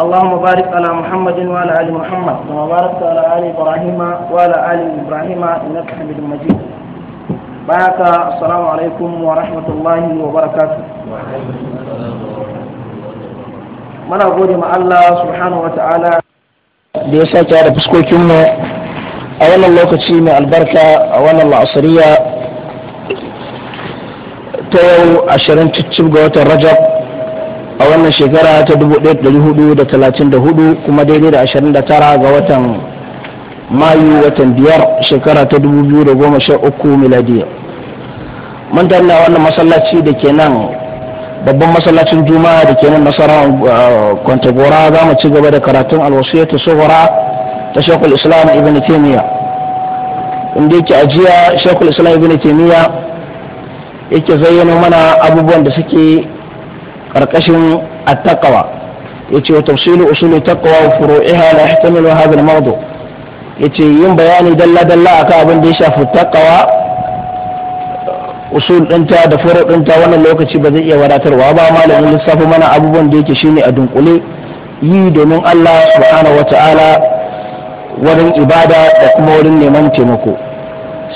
اللهم بارك على محمد وعلى ال محمد كما باركت على ال ابراهيم وعلى ال ابراهيم انك حميد مجيد بارك السلام عليكم ورحمه الله وبركاته muna gode ma Allah subhanahu wa ta'ala da ya sake da mu a wannan lokaci mai albarka a wannan la'asariya ta yau ashirin cicci ga watan rajab a wannan shekara ta 1434 kuma daidai da 29 ga watan mayu watan biyar shekara ta 2013 miladiya mun danna wannan masallaci da ke nan babban masallacin juma'a da ke nan nasarar uh, kwantagora za mu ci gaba da karatun alwasiyatu sogora ta shekul islam ibn taymiya inda yake ajiya shekul islam ibn taymiya yake zayyana mana abubuwan da suke karkashin ya ce wa tafsilu usuli taqwa wa furu'iha la yahtamilu hadha al-mawdu yace yin bayani dalla dalla akan abin da ya shafi taqwa usul ɗinta da furo ɗinta wannan lokaci ba zai iya wadatarwa ba malamin lissafi mana abubuwan da yake shine a dunkule yi domin Allah subhanahu wata'ala wurin ibada da kuma wurin neman taimako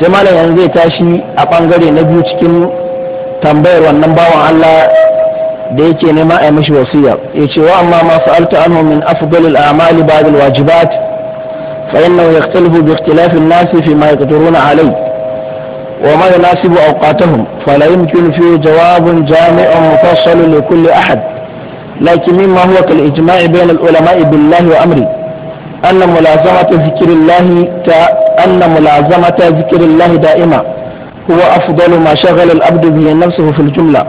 sai malamin zai tashi a bangare na biyu cikin tambayar wannan bawan Allah ديكي yake nema a mishi wasiya ما سألت عنه من افضل الاعمال بعد الواجبات فانه يختلف باختلاف الناس فيما يقدرون عليه وما يناسب أوقاتهم فلا يمكن فيه جواب جامع مفصل لكل أحد لكن مما هو كالإجماع بين العلماء بالله وأمره أن ملازمة ذكر الله أن ملازمة ذكر الله دائما هو أفضل ما شغل الابد به نفسه في الجملة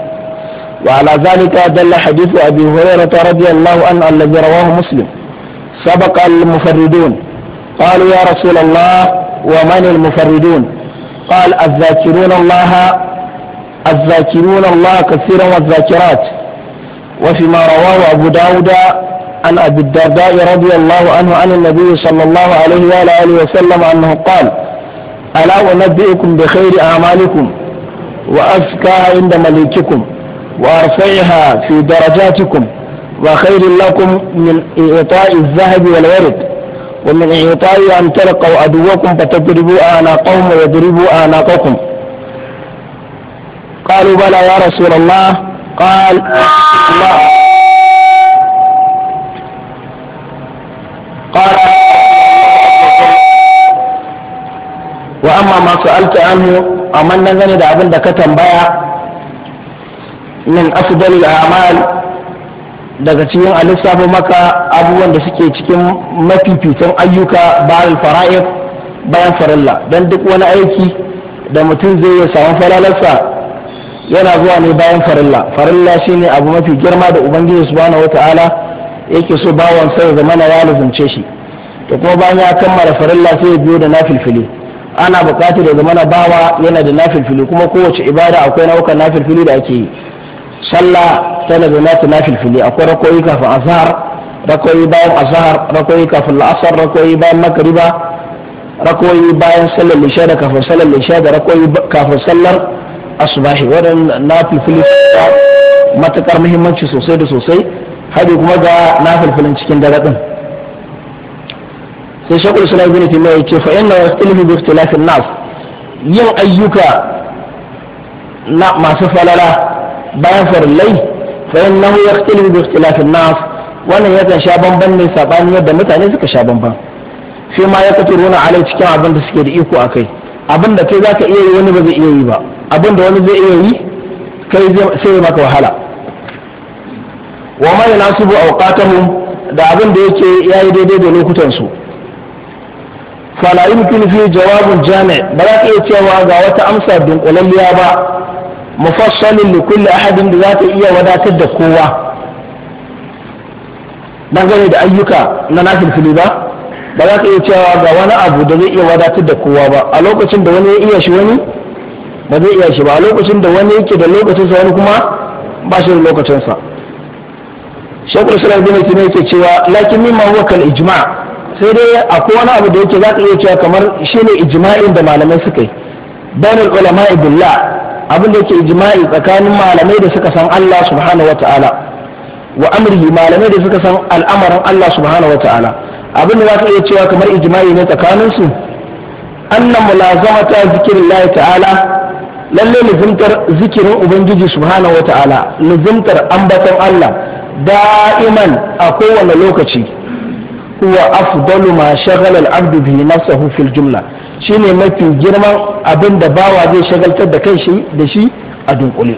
وعلى ذلك دل حديث أبي هريرة رضي الله عنه الذي رواه مسلم سبق المفردون قالوا يا رسول الله ومن المفردون قال الذاكرون الله الذاكرون الله كثيرا والذاكرات وفيما رواه أبو داود عن أبي الدرداء رضي الله عنه عن النبي صلى الله عليه وآله وسلم أنه قال ألا أنبئكم بخير أعمالكم وأزكاها عند مليككم وأرفعها في درجاتكم وخير لكم من إعطاء الذهب والورد ومن إعطاء أن تلقوا عدوكم فتضربوا أعناقهم ويضربوا أعناقكم قالوا بلى يا رسول الله قال لا قال وأما ما سألت عنه اما نزني دعبن دكتا بايا min afdalil a'mal daga cikin lissafin maka abubuwan da suke cikin mafificin ayyuka bayan fara'id bayan farilla don duk wani aiki da mutum zai ya samun falalarsa yana zuwa ne bayan farilla farilla shine abu mafi girma da ubangiji subhanahu wata'ala yake so bawan sai zamana ya lazumce shi to kuma bayan ya kammala farilla sai ya biyo da nafilfili ana bukatar da zamana bawa yana da nafilfili kuma kowace ibada akwai nau'ukan nafilfili da ake yi صلى كان بنات نافل في أقول ركويك في أزهر ركوي باين أزهر ركوي في الأصر ركوي باين مكربة ركوي باين صلى الإشادة كفر صلى الإشادة ركوي كفر صلى أصباحي ورن نافل في الأصر ما تكر مهم منش سوسي سوسي هذه كما جاء نافل في الانشكين دلتن سيشكر صلى الله عليه وسلم فإنه يختلف باختلاف الناس يل أيوك نعم ما سفل له bayan farillai fa innahu yaqtulu bi ikhtilafin nas wannan yakan sha bamban ne sabani yadda mutane suka sha bamban Sai ma ya runa alai cikin abin da suke da iko akai abin da kai zaka iya yi wani ba zai iya yi ba abin da wani zai iya yi kai sai ya maka wahala wa ma yanasubu awqatahum da abin da yake ya yi daidai da lokutan fala yumkin fi jawabin jami' ba za ka iya cewa ga wata amsa dunkulalliya ba mufassalin da kulle ahadin da za ta iya wadatar da kowa dangane da ayyuka na nafilfili ba ba za ka iya cewa ga wani abu da zai iya wadatar da kowa ba a lokacin da wani ya iya shi wani ba zai iya shi ba a lokacin da wani yake da lokacinsa wani kuma ba shi da lokacinsa shekul islam bin tumi yake cewa lakin mimma huwa kal ijma' sai dai akwai wani abu da yake za ka iya cewa kamar shine ijma'in da malamai suka yi bainal ulama'i billah abin da yake ijma'i tsakanin malamai da suka san Allah subhanahu wata'ala wa amrihi malamai da suka san al'amarin Allah subhanahu wata'ala abin da za ka iya cewa kamar ijma'i ne tsakanin su annan zikirin zikrillah ta'ala lalle lazimtar zikirin ubangiji subhanahu wata'ala lazimtar ambaton Allah da'iman a kowane lokaci huwa afdalu ma shaghala al-abdu bi nafsihi fil jumla shine mafi girman abin da bawa zai shagaltar da kai da shi a dunkule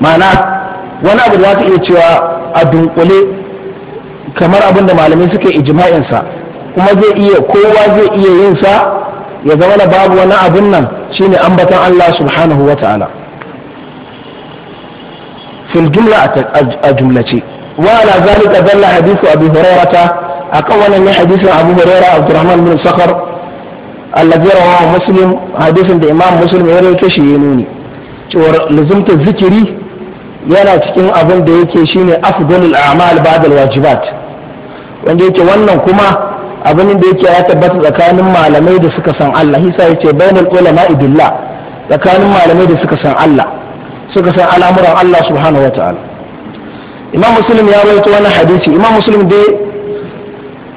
ma'ana wani abu da iya cewa a dunkule kamar abin da malamai suka yi jima'insa, kuma zai iya kowa zai iya yin sa ya zama na babu wani abin nan shine ambatan Allah subhanahu wa ta'ala fil jumla a jumlace wa ala zalika dalla hadithu abi hurairata akan wannan ne hadisin Abu Hurairah Abdurrahman bin Sakhar alladhi rawahu Muslim hadisin da Imam Muslim ya rawaito shi ya nuni cewa lazumta zikiri yana cikin abin da yake shine afdalul a'mal ba'da wajibat wanda yake wannan kuma abin da yake ya tabbata tsakanin malamai da suka san Allah hisa yace bainal ulama billah tsakanin malamai da suka san Allah suka san al'amuran Allah subhanahu wataala imam muslim ya rawaito wannan hadisi imam muslim dai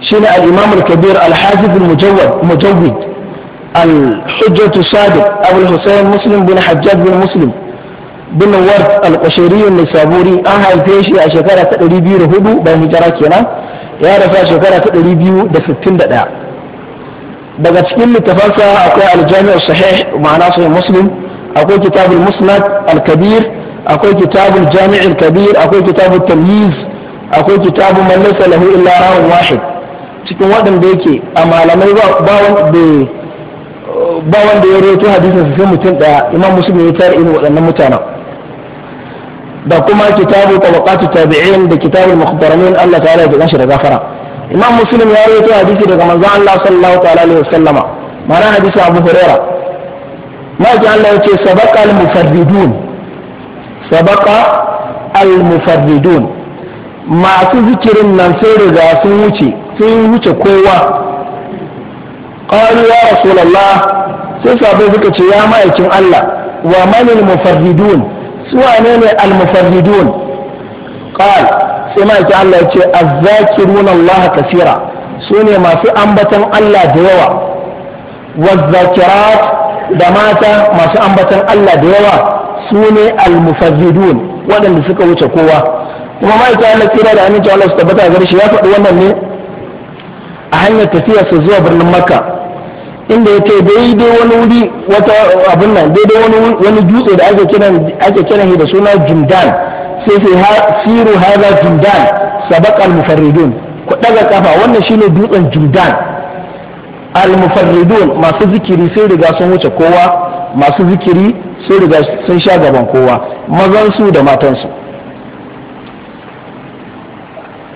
شنا الإمام الكبير الحافظ المجود مجود الحجة الصادق أبو الحسين مسلم بن حجاج بن مسلم بن ورد القشيري النسابوري أها الفيشي أشكرا تقريبي رهدو بين جراكينا يا رفا أشكرا تقريبي دفتين دا بقت كل تفاصا أقوى الجامع الصحيح معناه مسلم أقوى كتاب المسند الكبير أقوى كتاب الجامع الكبير أقوى كتاب التمييز أقوى كتاب من ليس له إلا راو واحد cikin waɗanda yake a malamai ba wanda ya roto hadisin sai mutum ɗaya imam muslim ya tare irin waɗannan mutanen da kuma kitabu tabaqatu tabi'in da kitabul mukhbaramin Allah ta'ala ya gashi da gafara imam muslim ya roto hadisi daga manzon Allah sallallahu ta'ala alaihi wasallama mana hadisi Abu Huraira maji Allah ya ce sabaqa al-mufarridun sabaqa al-mufarridun masu zikirin nan sai da sun wuce sun wuce kowa qalu ya rasulallah sai sabai suka ce ya ma'aikin Allah wa manil mufarridun su wane ne al mufarridun qal sai ma'aikin Allah ya ce azzakiruna Allah kasira su ne masu ambatan Allah da yawa zakirat da mata masu ambatan Allah da yawa su ne al mufarridun waɗanda suka wuce kowa kuma ma'aikin Allah kira da aminci Allah su tabbata gare garshi ya faɗi wannan ne a hanyar su zuwa birnin makka inda ya ce daidai wani wuri wata abin nan daidai wani dutse da ake kiran ake kiran da suna jindan sai sai ha siru hada jindan sabaq al mufarridun ku daga kafa wannan shine dutsen jindan al mufarridun masu zikiri sai riga sun wuce kowa masu zikiri sai riga sun sha gaban kowa mazan su da matan su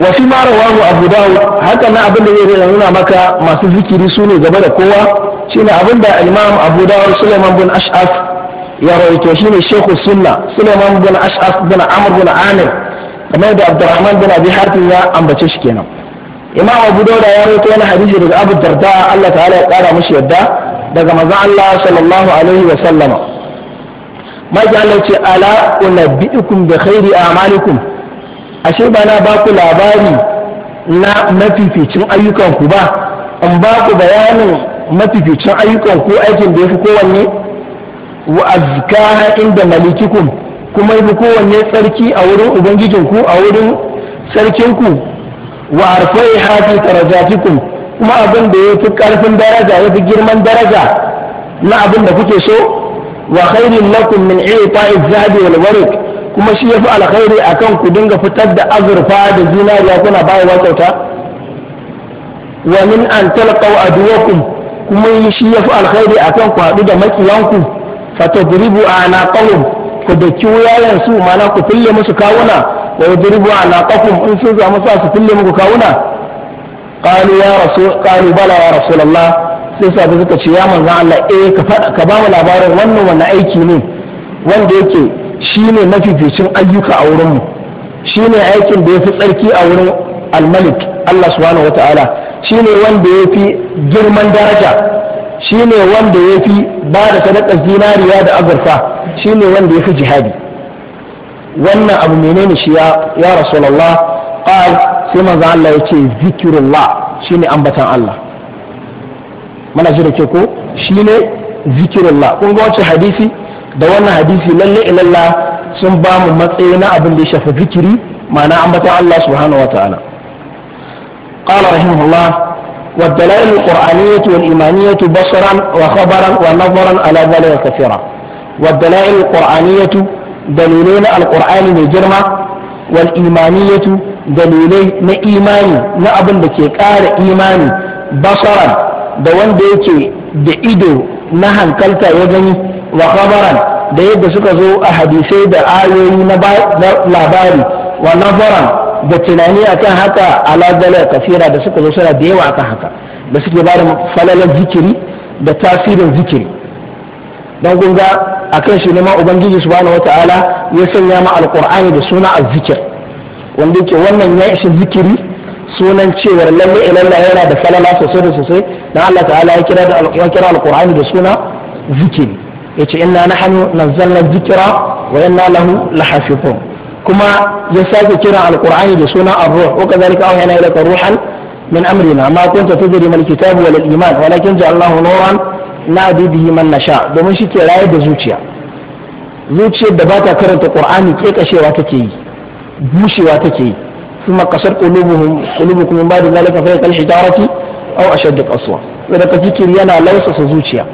wa fi ma rawahu abu dawud haka na abin da zai nuna maka masu zikiri su ne gaba da kowa shine abinda da imam abu dawud suleiman bin ash'af ya rawaito shine shehu sunna suleiman bin ash'af bin amr bin amir kamar da abdulrahman bin abi hatim ya ambace shi kenan imam abu dawud ya rawaito wani hadisi daga abu darda Allah ta'ala ya kara mishi yadda daga manzon Allah sallallahu alaihi wa sallama maji Allah ce ala unabbiukum bi khairi a'malikum ashe ba na baku labari na mafificin ayyukanku ba in baku bayanin mafificin ayyukan ku aikin da yafi kowanne wa azkaha inda malikikum kuma yafi kowanne tsarki a wurin ubangijinku a wurin sarkinku wa arfai hafi darajatikum kuma abin da fi karfin daraja yafi girman daraja na abin da kuke so wa khairin lakum min i'ta'iz zahabi wal warq kuma shi ya fi alkhairi a kan ku dinga fitar da azurfa da zinariya kuna bayarwa kyauta wa min an talqaw aduwakum kuma shi ya fi alkhairi a kan ku haɗu da makiyanku fatadribu anaqahum ku daki wuyayen su mana ku fille musu kawuna wa yadribu anaqakum in sun samu sa su fille muku kawuna qalu ya rasul qalu bala ya rasulullah sai sabu suka ce ya manzo Allah eh ka ka ba mu labarin wannan wannan aiki ne wanda yake shine mafificin ayyuka a wurinmu ne aikin da ya fi tsarki a wurin almalik Allah subhanahu Shi ne wanda ya fi girman daraja ne wanda ya fi ba da sadakar zinariya da azurfa ne wanda ya fi jihadi wannan abu menene shi ya rasulullah qal sai manzo Allah yace zikrullah ne ambatan Allah mana jira ke ko shine zikrullah kun ga wancan hadisi da wannan hadisi lalle ilalla sun ba mu matsayi na abin da ya shafi zikiri ma'ana ambatan Allah subhanahu wa ta'ala qala rahimahullah wa dalail wal imaniyyah والدلائل القرآنية والإيمانية بصرا وخبرا ونظرا على ذلك كثيرا والدلائل القرآنية دليلين القرآن الجرمة والإيمانية دليلين نإيماني نأبن بكي قال إيماني بصرا da wanda yake da ido na hankalta ya gani wa khabaran da yadda suka zo a hadisai da ayoyi na labari wa nazaran da tunani akan haka ala dala kafira da suka zo suna da yawa akan haka da suke ba da falalar zikiri da tasirin zikiri don gunga akan shi ne ma ubangiji subhanahu wataala ya sanya ma alqur'ani da suna azzikir wanda yake wannan ya ishi zikiri sunan cewar lalle ilalla yana da falala sosai da sosai dan Allah ta'ala ya kira da alqur'ani da suna zikiri yace inna nahnu nazzalna dhikra wa inna lahu lahafizun kuma ya sake kira alqur'ani da suna ar-ruh wa kadhalika awhayna ilayka ruhan min amrina ma kunta tadri mal kitab wal iman walakin ja'alnahu nuran nahdi bihi man nasha domin shi ke raye da zuciya zuciyar da bata karanta qur'ani kekashewa take yi bushewa take yi ثم قصر قلوبهم قلوبكم من بعد ذلك فريق الحجارة أو أشد قسوة وإذا كذكر yana ليس zuciya.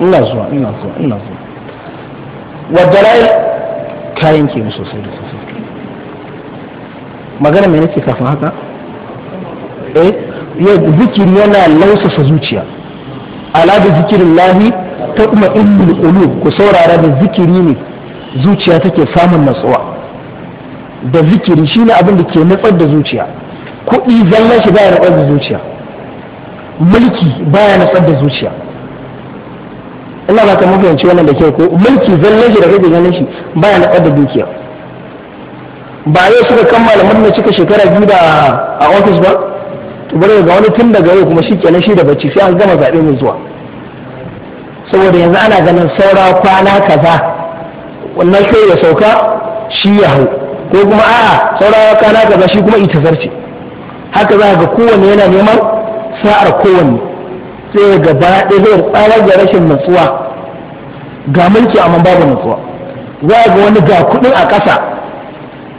ina zuwa ina zuwa ina zuwa kayan ke sosai da sosai magana mai nake kafin haka eh zikiri yana lausasa zuciya ala da zikirin lahi ta kuma in qulub ku saurara da zikiri ne zuciya take samun matsuwa da zikiri shine abin da ke nutsar da zuciya kuɗi zan shi baya matsar da zuciya mulki baya nutsar da zuciya ina ba ta mafiyanci wannan da ke ko mulki zallan shi da kake ganin shi baya na da dukiya ba yau suka kammala murna cika shekara biyu da a ofis ba to bari ga wani tun daga yau kuma shi kenan shi da bacci sai an gama zaɓe mai zuwa saboda yanzu ana ganin saura kwana kaza wannan sai ya sauka shi ya hau ko kuma a'a saura kwana kaza shi kuma ita zarce haka za ga kowanne yana neman sa'ar kowanne sai gaba ɗaya zai tsara da rashin nutsuwa ga mulki amma babu nutsuwa za ga wani ga kuɗi a ƙasa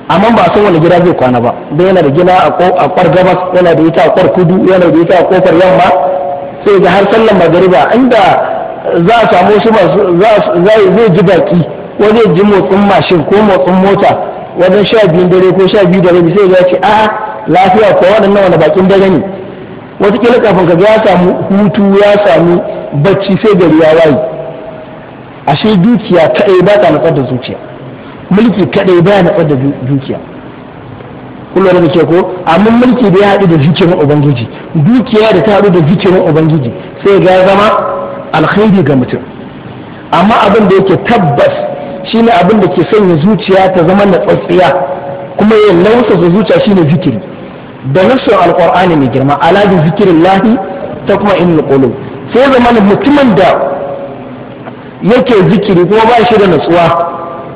amma ba san wani gida zai kwana ba da yana da gida a kwar gabas yana da ita a kwar kudu yana da ita a kofar yamma sai ga har sallan magariba inda za a samu su zai ji baki wajen ji motsin mashin ko motsin mota wajen sha biyun dare ko sha biyu da rabi sai ya ce a lafiya ko waɗannan wani bakin dare ne watakila kafin ka ya samu hutu ya samu bacci sai gari ya waye ashe dukiya kaɗai ba ta nutsar da zuciya mulki kaɗai ba ya nutsar da dukiya kullum da ke ko amma mulki da ya haɗu da zikirin ubangiji dukiya da ta haɗu da zikirin ubangiji sai ga zama alkhairi ga mutum amma abin da yake tabbas shine abin da ke sanya zuciya ta zama tsatsiya kuma ya lausa zuciya shine zikiri da nasar alkur'ani mai girma ala zikirin lahi ta kuma in kolo sai zama mutumin da yake zikiri kuma ba shi da natsuwa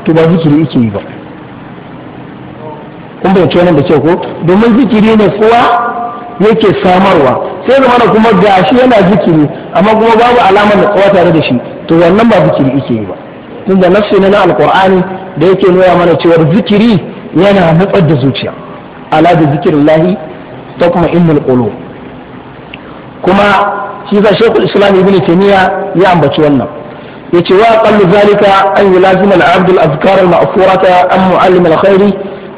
to ba zikiri yake yi ba kun bai wannan da ke ko domin zikiri natsuwa yake samarwa sai zama kuma shi yana zikiri amma kuma babu alamar natsuwa tare da shi to wannan ba zikiri yake yi ba Da nafsi na alkur'ani da yake nuna mana cewar zikiri yana nutsar da zuciya ala da zikirin lahi ta kuma innul qulub kuma shi za shekul islam ibn taymiya ya ambaci wannan yace wa qallu zalika an yulazima al-abd al-azkar al-ma'thurata am mu'allim al-khair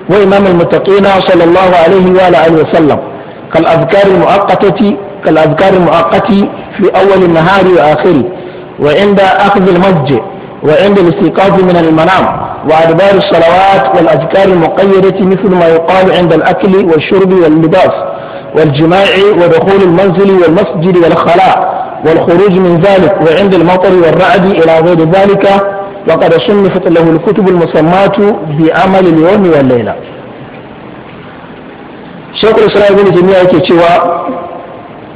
wa imam al-muttaqin sallallahu alaihi wa alihi wa sallam kal azkar al-mu'aqqatati kal azkar al-mu'aqqati fi awwal an-nahari wa akhirih وعند أخذ المج وعند الاستيقاظ من المنام وأدبار الصلوات والأذكار المقيدة مثل ما يقال عند الأكل والشرب واللباس والجماع ودخول المنزل والمسجد والخلاء والخروج من ذلك وعند المطر والرعد إلى غير ذلك وقد صنفت له الكتب المسماة بعمل اليوم والليلة شكر الإسلام بن تيمية cewa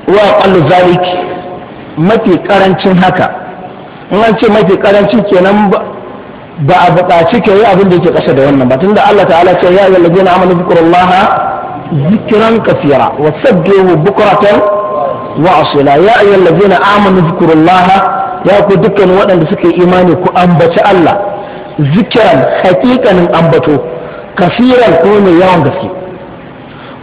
وأقل ذلك متى قرنت هكا متى an ce mafi ba a buƙaci ka yi abin da yake ƙasa da wannan ba tunda Allah ta'ala ce ya yi lajina amanu zikrullaha zikran kasira wa sabbihu bukratan wa asila ya yi lajina amanu zikrullaha ya ku dukkan waɗanda suka yi imani ku ambaci Allah zikiran hakikanin ambato kasiran ko mai yawan gaske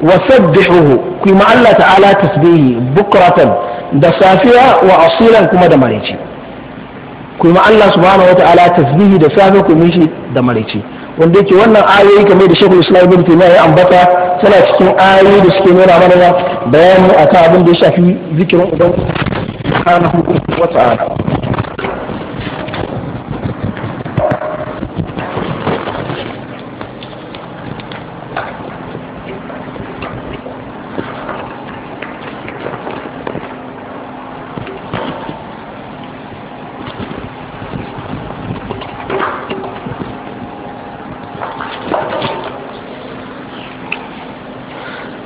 wa sabbihu ku ma Allah ta'ala tasbihi bukratan da safiya wa asilan kuma da maraice ku yi Allah subhanahu wa ta'ala tasbihi da safe ku mishi da maraice wanda yake wannan ayoyi kamar da shekaru Islam Ibn Taymiyyah ya ambata tana cikin ayoyi da suke nuna mana bayani akan abin da ya shafi zikirin ubangi subhanahu wa ta'ala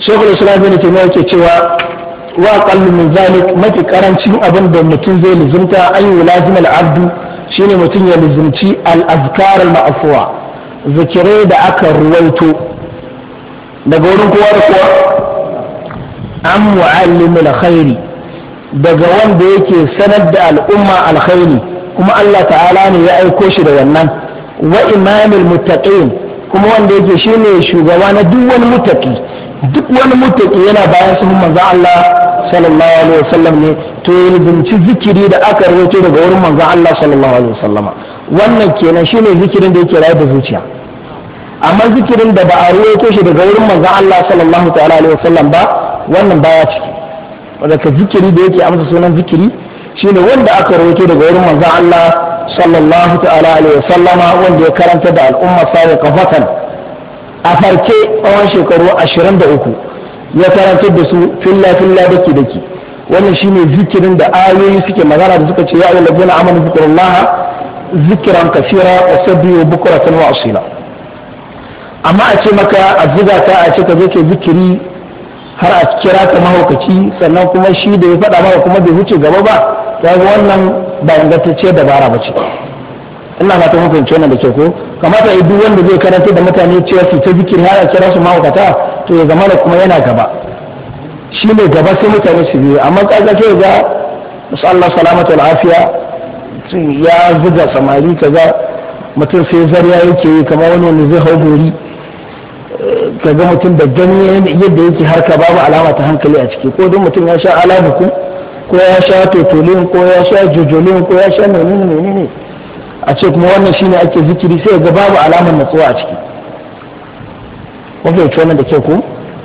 shekul islam bin taimiyya yake cewa wa qallu min zalik mafi karancin abin da mutum zai lizimta an yi lazim al'abdu shine mutum ya lizimci al'azkar al-ma'fuwa zikirai da aka ruwaito daga wurin kowa da kowa an mu'allim al-khairi daga wanda yake sanar da al'umma alkhairi kuma Allah ta'ala ne ya aiko shi da wannan wa imamul muttaqin kuma wanda yake shine shugaba na duk wani muttaqi duk wani mutaki yana bayan sun manzo Allah sallallahu alaihi wasallam ne to ya binci zikiri da aka rawaito daga wurin manzo Allah sallallahu alaihi wasallama wannan kenan shine zikirin da yake rayu da zuciya amma zikirin da ba a rawaito shi daga wurin manzo Allah sallallahu ta'ala alaihi wasallam ba wannan baya ciki wanda zikiri da yake amsa sunan zikiri shine wanda aka rawaito daga wurin manzo Allah sallallahu ta'ala alaihi wasallama wanda ya karanta da al'umma sai kafatan a farke tsawon shekaru ashirin da uku ya karantar da su filla filla daki daki wannan shine zikirin da ayoyi suke magana da suka ce ya ayyuhal ladina amanu zikrullaha zikran kaseera wa sabbihu bukratan wa asila amma a ce maka a zuga ta a ce ka zo ke zikiri har a kira ka mahaukaci sannan kuma shi da ya faɗa maka kuma bai wuce gaba ba ga wannan ba ingantacce dabara ba ce ina na ta fahimci wannan da ke ko kamata ya duk wanda zai karanta da mutane cewa su ta zikiri har a kira su mahaukata to ya zama da kuma yana gaba shi ne gaba sai mutane su biyu amma kaga ke ga musu Allah salamatu al'afiya ya zuga samari kaza mutum sai zarya yake yi kamar wani wani zai hau gori kaga mutum da gani yadda yake harka babu alama ta hankali a ciki ko don mutum ya sha alabuku ko ya sha totolin ko ya sha jojolin ko ya sha menene menene a ce kuma wannan shine ake zikiri sai ga babu alamar natsuwa a ciki kun fahimci wannan da ke ku.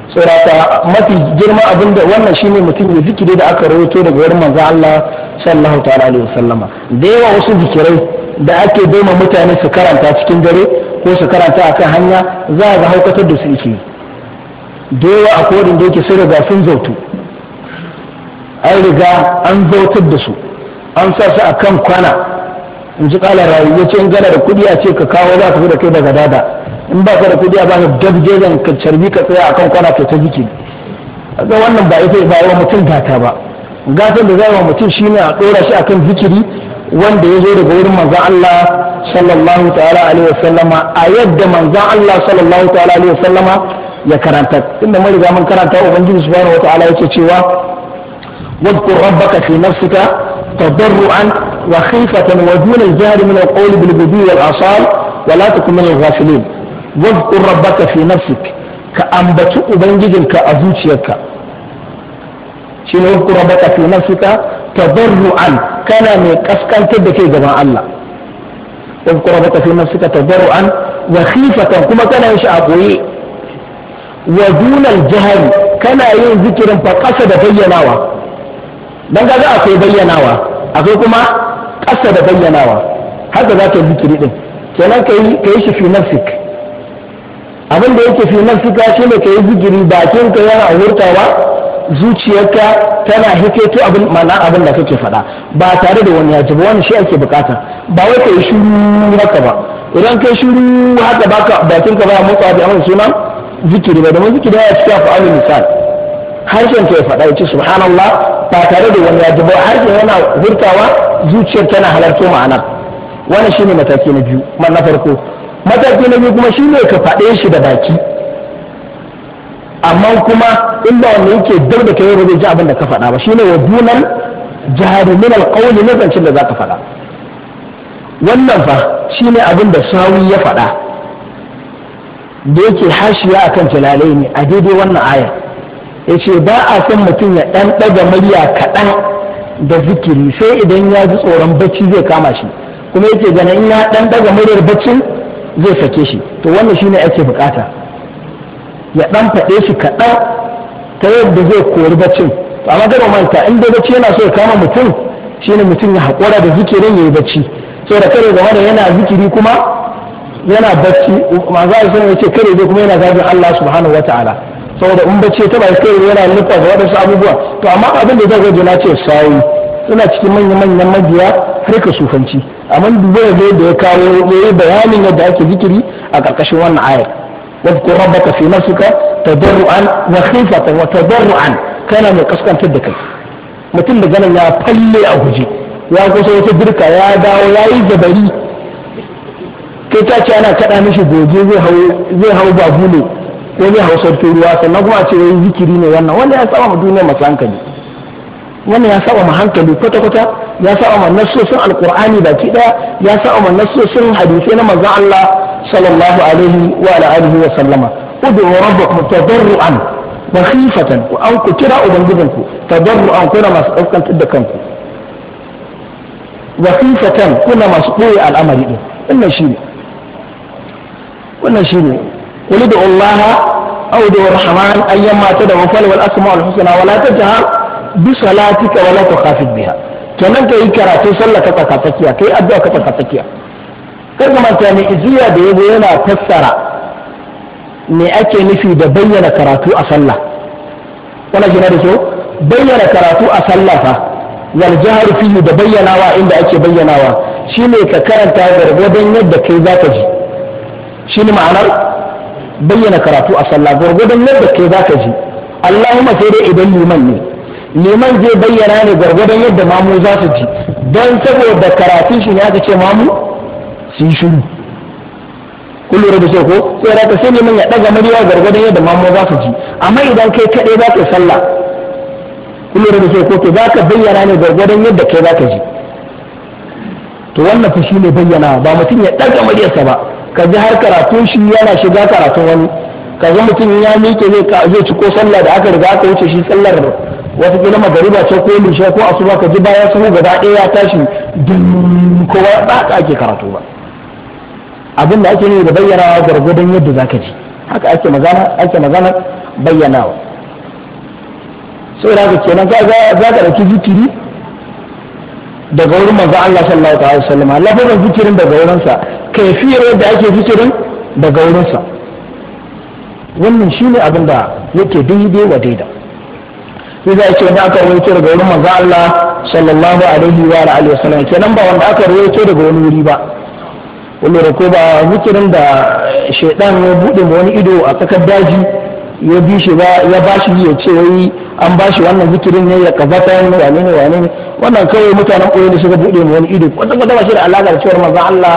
tsorata mafi girma abinda da wannan shine mutum ya zikiri da aka rawaito daga wurin manzo Allah sallallahu ta'ala alaihi wasallama da yawa wasu zikirai da ake daima mutane su karanta cikin dare ko su karanta akan hanya za a ga haukatar da su yake da yawa a kodin da yake sai riga sun zautu an riga an zautar da su an sa su kan kwana in ji kala rayu ya ce in gana da kudi a ce ka kawo za ka fi da kai daga dada in ba ka da kudi a ba ka dabje zan ka carbi ka tsaya akan kwana ka ta zikiri ga wannan ba ita ba wa mutum gata ba gatan da zai wa mutum shi ne a dora shi akan zikiri wanda ya zo daga wurin manzon Allah sallallahu ta'ala alaihi wasallama a yadda manzon Allah sallallahu ta'ala alaihi wasallama ya karanta inda mun riga mun karanta ubangiji subhanahu wa ta'ala yake cewa wadkur rabbaka fi nafsika tadarruan وخيفة ودون الجهر من القول بالغدو والآصال ولا تكن من الغافلين واذكر ربك في نفسك كأنبت أبنجدك أزوجيك شنو واذكر ربك في نفسك تضرعا كان من كسكان تدكي جماعة الله واذكر ربك في نفسك تضرعا وخيفة كما كان يشاء ودون الجهل كان yin zikirin fa kasa da bayyanawa dan kaga akwai bayyanawa akwai kuma ƙasa da bayyanawa har da za ka yi zikiri din kenan ka yi shi nafsik abin da yake fi ka shi ne ka yi zikiri bakinka yana hurtawa zuciyarka tana hikaito abin mana abin da kake faɗa ba tare da wani yaji ba wani shi ake bukata ba wai ka yi shiru haka ba idan kai shiru haka baka bakinka ba motsa da amma sunan zikiri ba domin zikiri ya fi fa'alul misal harshen ta ya faɗa ya ce subhanallah ba tare da wani ya ji ba harshen yana hurtawa zuciyar tana halarto ma'ana wannan shine mataki na biyu na farko mataki na biyu kuma shine ka faɗe shi da baki amma kuma inda wanda yake dau da kai ba ji abin da ka faɗa ba shine wa dunan jahadu min alqawli na zancin da zaka faɗa wannan fa shine abin da sawi ya faɗa da yake hashiya kan jalalai ne a daidai wannan aya ya ce ba a son mutum ya ɗan ɗaga murya kaɗan da zikiri sai idan ya ji tsoron bacci zai kama shi kuma yake ganin in ya ɗan ɗaga muryar baccin zai sake shi to wannan shine ake bukata ya ɗan faɗe shi kaɗan ta yadda zai kori baccin to amma gaba manta in dai bacci yana so ya kama mutum shine mutum ya haƙura da zikirin ya yi bacci saboda kare game da yana zikiri kuma yana bacci manzo Allah ya ce kare zai kuma yana zagin Allah subhanahu wataala saboda in bace ta bai kai yana nufa ga wadansu abubuwa to amma abin da zai gaji na ce sayi suna cikin manya-manyan mabiya ka sufanci amma dubu da da ya kawo yayi bayanin yadda ake zikiri a karkashin wannan ayar ku rabbaka fi nafsika tadarru'an wa khifatan wa tadarru'an kana mai kaskantar da kai mutum da ganin ya falle a guje ya kusa wata birka ya dawo ya yi jabari kai ta ce ana kaɗa mishi goge zai hau babu ne sai zai hausar turuwa sannan kuma a ce wai zikiri ne wannan wannan ya saba ma duniya masu hankali wannan ya saba ma hankali kwata-kwata ya saba ma nassosin alkur'ani baki daya ya saba ma nassosin hadisai na manzon Allah sallallahu alaihi wa alihi wa sallama ud'u rabbakum tadarruan wa khifatan ku an ku kira ubangijinku tadarruan kuna masu daukantar da kanku wa khifatan kuna masu koyi al'amari din wannan shine wannan shine قل ادعوا الله أو ادعوا الرحمن أيما تدعوا فله الأسماء الحسنى ولا تجهر بصلاتك ولا تخافت بها kenan ka yi karatu sallah ka tsaka tsakiya kai addu'a ka tsaka tsakiya kar ka manta ne iziya da yabo yana fassara me ake nufi da bayyana karatu a sallah kana jina da kyau bayyana karatu a sallah fa wal jahru fihi da bayyanawa inda ake bayyanawa shine ka karanta gargadon yadda kai zaka ji shine ma'anar bayyana karatu a sallah gwargwadon yadda kai za ka ji allahumma sai dai idan liman ne liman zai bayyana ne gwargwadon yadda mamu za su ji don saboda karatun shi ne aka ce mamu su yi shiru kun lura da shi ko sai da sai liman ya daga murya gwargwadon yadda mamu za su ji amma idan kai kadai za ka sallah kun lura da shi ko to za ka bayyana ne gwargwadon yadda kai za ka ji to wannan fushi ne bayyana ba mutum ya daga muryarsa ba ka ji har karatun shi yana shiga karatun wani ka ga mutum ya miƙe zai ci ko sallah da aka riga aka wuce shi sallar wata kila magariba ce ko lishe ko asuba ka ji bayan sahu gaba ɗaya ya tashi dun kowa ba ka ake karatu ba abin da ake ne da bayyanawa gargadon yadda za ka ji haka ake magana ake magana bayyanawa da haka kenan za ka ɗauki zikiri daga wurin manzo Allah sallallahu alaihi wasallam lafazin zikirin daga wurin sa kaifiyar da ake zikirin daga wurin sa wannan shine abin da yake daidai wa daida sai ya ce da aka rawaito daga wurin manzo Allah sallallahu alaihi wa alihi wasallam kenan ba wanda aka rawaito daga wani wuri ba wani ko ba zikirin da shaidan ya bude wani ido a tsakar daji ya bi shi ba ya bashi ya ce wai an ba shi wannan zikirin ne ya kafata ne wane ne wane ne wannan kawai mutanen koyi ne suka bude mu wani ido wata kwata ba shi da alaƙa da cewar manzon Allah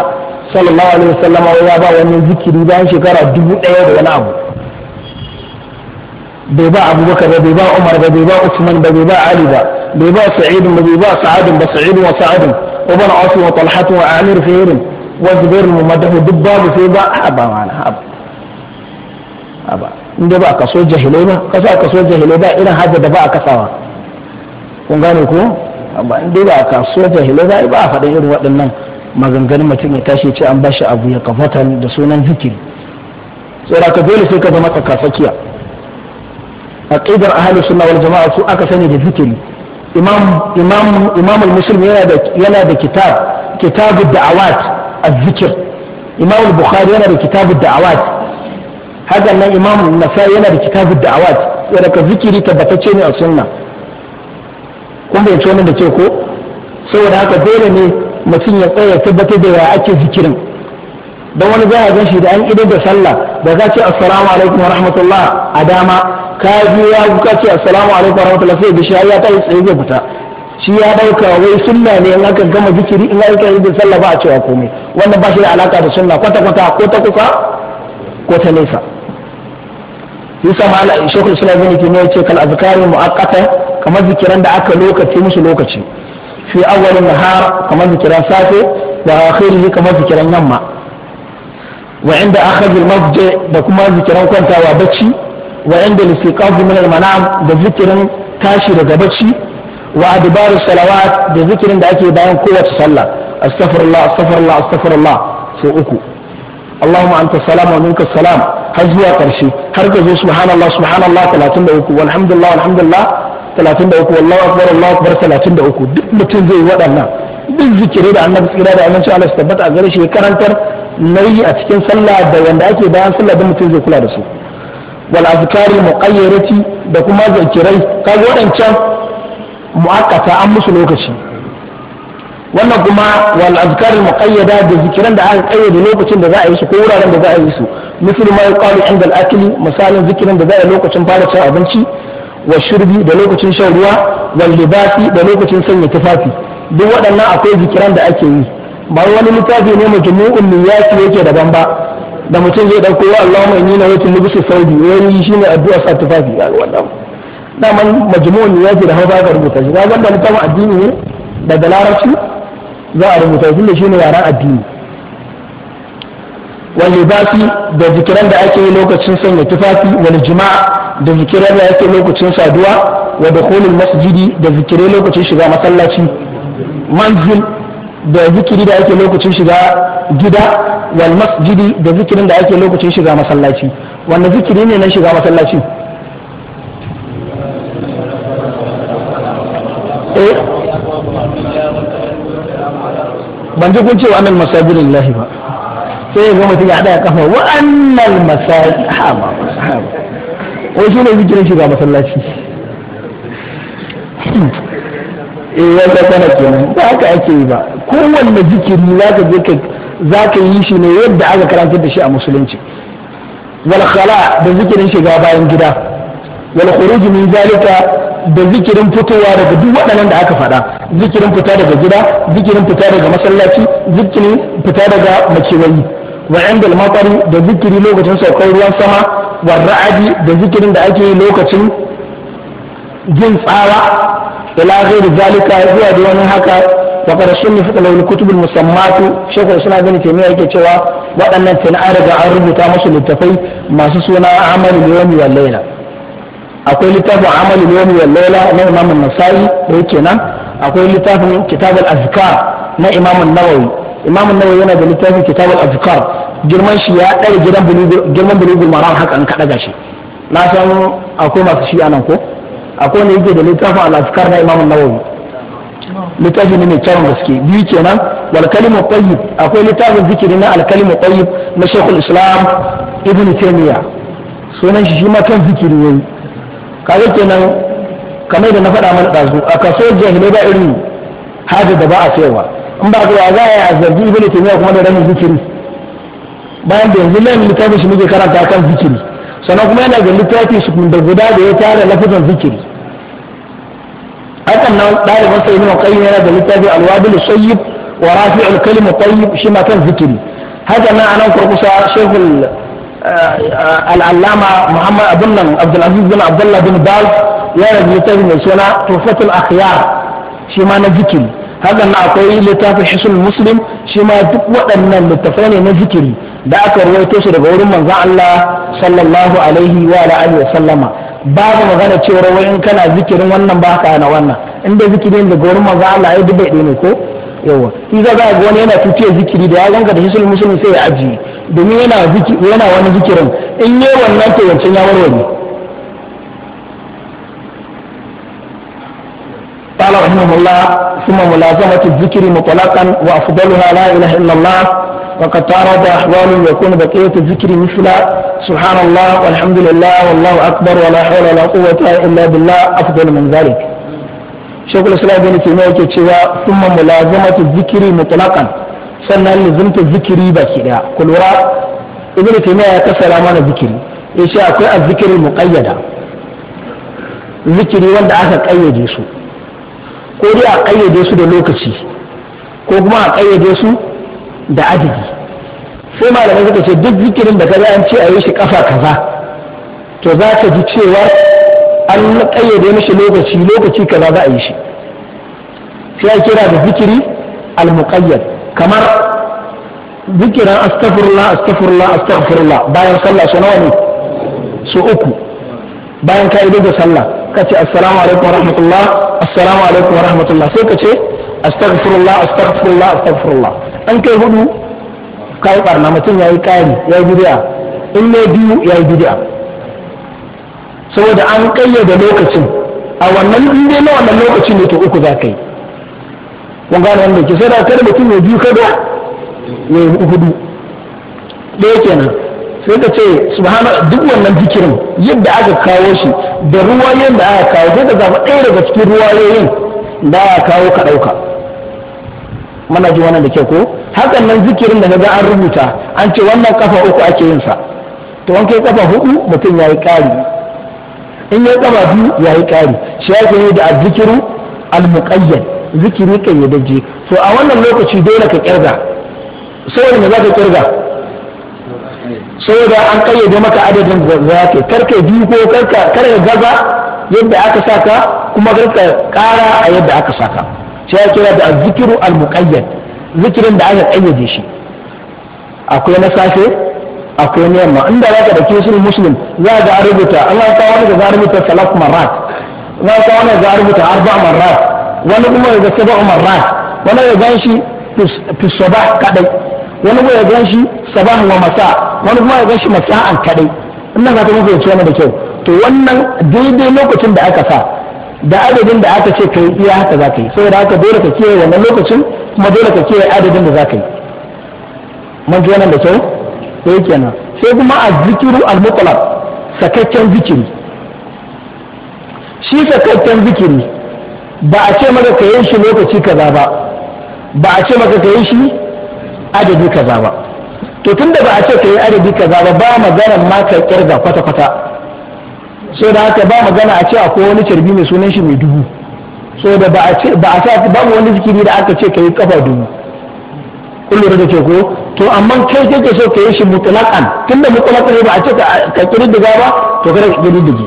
sallallahu alaihi wasallam ya ba wani zikiri bayan shekara dubu ɗaya da wani abu bai ba abubakar ba bai ba umar ba bai ba usman ba bai ba ali ba bai ba sa'id ba bai ba sa'ad ba sa'id wa sa'ad wa bana asu wa talhat wa amir fihir wa zubair mu madahu duk babu sai ba haba wa haba haba In inda ba a kaso jahilai ba kasa a kaso jahilai ba irin hajjar da ba a kasawa kun gane ko amma in inda ba a kaso jahilai ba ba a faɗin irin waɗannan maganganun mutum ya tashi ce an bashi abu ya kafatan da sunan zikiri tsora ka dole sai ka zama A ƙidar ahli sunna wal jama'a su aka sani da zikiri imam imam imam al-muslim yana da yana da kitab kitab ad-da'awat az-zikr imam al-bukhari yana da kitab ad-da'awat hakan nan imam nasai yana da kitabud da'awat yana ka zikiri tabbatacce ne a sunna kun bai wannan da ce ko saboda haka dole ne mutum ya tsaya tabbatar da ya ake zikirin dan wani za a gan shi da an idan da sallah da za ce assalamu alaikum wa rahmatullah a dama ka biyo ya ka ce assalamu alaikum wa rahmatullah sai da shari'a ya ta yi tsaye zai fita shi ya dauka wai sunna ne in aka gama zikiri in aka yi da sallah ba a cewa komai wannan ba shi da alaka da sunna kwata kwata ko ta kusa ko ta nesa yasa ma Allah shekul islam ibn taymiya yace kal azkaru muaqqata kamar zikiran da aka lokaci musu lokaci fi awwalin nahar kamar zikiran safe da akhirihi kamar zikiran yamma wa inda akhadh al da kuma zikiran kwantawa bacci wa inda istiqaz min al manam da zikirin tashi daga bacci wa adbar salawat da zikirin da ake bayan kowace sallah astaghfirullah astaghfirullah astaghfirullah sai uku Allahumma anta salam wa minka salam har zuwa karshe har ka zo subhanallah subhanallah 33 walhamdulillah alhamdulillah 33 wallahu akbar Allahu akbar 33 duk mutum zai waɗannan duk zikire da annabi tsira da aminci Allah tabbata a gare shi karantar nayi a cikin sallah da wanda ake bayan sallah da mutum zai kula da su wal azkari muqayyarati da kuma zikirai kaga waɗancan mu'akkata an musu lokaci wannan kuma wal azkar al muqayyada da zikiran da aka kayyade lokacin da za a yi su ko wuraren da za a yi su misal ma yuqalu inda al akli misalin zikirin da za a yi lokacin fara cin abinci wa shurbi da lokacin shan ruwa wal libasi da lokacin sanya tufafi duk waɗannan akwai zikiran da ake yi ba wani littafi ne majmu'un niyyati yake daban ba da mutum zai dauko wa Allahumma inni nawaitu libsu saudi wani shine addu'a sa tufafi ya wannan daman majmu'un niyyati da hausa ka rubuta shi ga wanda littafin addini ne daga larabci za a rubuta tun da shine yaren addini wal libasi da zikiran da ake lokacin sanya tufafi wal jima'a da zikiran da ake lokacin saduwa wa dukhulul masjidi da zikirai lokacin shiga masallaci manzil da zikiri da ake lokacin shiga gida wal masjidi da zikirin da ake lokacin shiga masallaci wanda zikiri ne na shiga masallaci ban ji kun cewa annal ba sai ya gama ya daya kafa wa annal masajid shi ne zikirin shiga masallaci eh yadda kana kenan ba haka ake yi ba kowanne zikiri zaka je ka zaka yi shi ne yadda aka karanta da shi a musulunci wal khala da zikirin shiga bayan gida wal khuruj min zalika da zikirin fitowa daga duk waɗannan da aka faɗa zikirin fita daga gida zikirin fita daga masallaci zikirin fita daga macewayi wa inda al da zikiri lokacin saukar ruwan sama wa ra'adi da zikirin da ake yi lokacin jin tsawa ila ghairi zalika zuwa da wani haka wa qarshen fi al kutubul musammatu shekul suna gani taymiya yake cewa waɗannan tana daga an rubuta musu littafai masu suna amalul yawmi wal layla akwai littafin amalin yomi wal laila na imam an-nasai da yake nan akwai littafin kitab al-azkar na imam an-nawawi imam an-nawawi yana da littafin kitab al-azkar girman shi ya ɗaya gidan girman bulugul maram haka an kaɗa gashi na san akwai masu shi anan ko akwai ne yake da littafin al-azkar na imam an-nawawi littafi ne mai kyawun gaske biyu kenan wal kalimu tayyib akwai littafin zikiri na al kalimu tayyib na shaykhul islam ibn taymiya sunan shi shi ma kan zikiri yayi kaga kenan kamar da na faɗa mana ɗazu a kaso jahilai ba irin hajji da ba a cewa in ba ga za a yi a zargi ibn taymiya kuma da ramin zikiri bayan da yanzu nan littafin shi muke karanta kan zikiri sannan kuma yana da littafi su da guda da ya tara lafizan zikiri hakan nan ɗalibin yi nuna qayyim yana da littafi alwadul sayyib wa rafi'ul kalimu tayyib shi ma kan zikiri hakan nan anan kurkusa shehul al'allama muhammad abdul nan abdulaziz bin abdullah bin bal ya rabu littafi mai suna tufatul akhyar shi ma na zikiri hakan na akwai littafin hisul muslim shi ma duk waɗannan littafai ne na zikiri da aka rawaito su daga wurin manzon Allah sallallahu alaihi wa alihi wa sallama babu magana cewa wai in kana zikirin wannan ba ka na wannan in da zikirin daga wurin manzon Allah ai duk bai ne ko yawa shi ga ga wani yana tuce zikiri da ya ganka da hisul muslim sai ya ajiye domin yana wani zikirin in yi wannan to wancan ya warware قال رحمه الله ثم ملازمة الذكر مطلقا وأفضلها لا إله إلا الله وقد تعرض أحوال يكون بقية الذكر مثل سبحان الله والحمد لله والله أكبر ولا حول ولا قوة إلا بالله أفضل من ذلك شيخ الإسلام بن تيمية كتشوى ثم ملازمة الذكر مطلقا sannan lizimta zikiri baki daya kulura lura ibnu taymiya ya kasara mana zikiri yace akwai azzikiri muqayyada zikiri wanda aka kayyade su ko dai a kayyade su da lokaci ko kuma a kayyade su da adadi sai malamai suka ce duk zikirin da kaga an ce a yi shi kafa kaza to za ka ji cewa an kayyade mishi lokaci lokaci kaza za a yi shi sai a kira da zikiri al-muqayyad kamar zikiran astagfirullah astagfirullah astagfirullah bayan sallah su nawa ne su uku bayan ka ido da sallah ka ce assalamu alaikum wa rahmatullah assalamu alaikum wa rahmatullah sai ka ce astagfirullah astagfirullah astagfirullah an kai hudu yi barna mutum kayan ya yi bidiya in ne biyu yi bidiya saboda an kayyade lokacin a wannan in dai na wannan lokacin ne to uku za ka yi kun gane wanda ke sai mutum ya biyu kada ya yi hudu ɗaya kenan sai ka ce subhana duk wannan zikirin yadda aka kawo shi da ruwayoyin da aka kawo sai ka zaɓa ɗaya daga cikin ruwayoyin da aka kawo ka ɗauka mana ji wannan da ke ko hakan nan zikirin da ga an rubuta an ce wannan kafa uku ake yin sa to an kafa hudu mutum ya yi ƙari in ya kafa biyu ya yi ƙari shi ake yi da azzikiru al-muqayyad zikiri kayyadajje to a wannan lokaci dole ka kirga saboda me za ka kirga saboda an kayyade maka adadin da za ka karka biyu ko kar ka gaza yadda aka saka kuma kar ka kara a yadda aka saka sai ya kira da zikiru al-muqayyad zikirin da aka kayyade shi akwai na safe akwai na yamma inda za ka dauke sunan muslim za ga rubuta Allah ya kawo da rubuta salaf marat za ka kawo da rubuta arba marat wani kuma ya ba Umar Rai wani ya gan shi fi kadai wani kuma ya gan shi sabah wa masa wani kuma ya gan shi masa'an kadai ina ka ta mafi wani da kyau to wannan daidai lokacin da aka sa da adadin da aka ce kai iya haka za ka yi saboda haka dole ka kiyaye wannan lokacin kuma dole ka kiyaye adadin da za ka yi mun nan da kyau sai eh, kenan sai kuma zikiru al-mutlaq sakakken zikiri shi sakakken zikiri ba a ce maka ka yi shi lokaci kaza ba ba a ce maka ka yi shi adadi kaza ba to tunda ba a ce ka yi adadi kaza ba ba magana ma ka kirga kwata-kwata so da haka ba magana a ce akwai wani carbi mai sunan shi mai dubu so da ba a ce ba a wani zikiri da aka ce ka yi kafa dubu kullum da ke ko to amma kai kake so ka yi shi mutlaqan tunda mutlaqan ba a ce ka kiri diga ba to kada ka kiri digi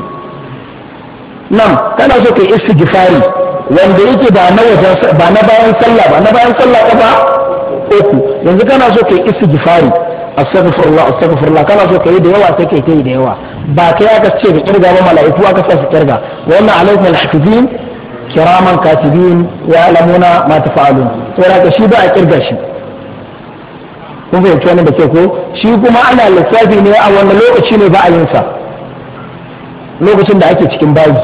nan kana so ka yi istighfari wanda yake ba na wajen ba na bayan sallah ba na bayan sallah kafa uku yanzu kana so kai istighfari astaghfirullah astaghfirullah kana so kai da yawa sai kai kai da yawa ba kai aka ce ka kirga ba mala'iku aka sa su kirga wannan alaikum alhafizin kiraman katibin ya alamuna ma tafa'alun sai ka shi ba a kirga shi kun fahimci wani da ke ko shi kuma ana lissafi ne a wannan lokaci ne ba a yin sa lokacin da ake cikin bayi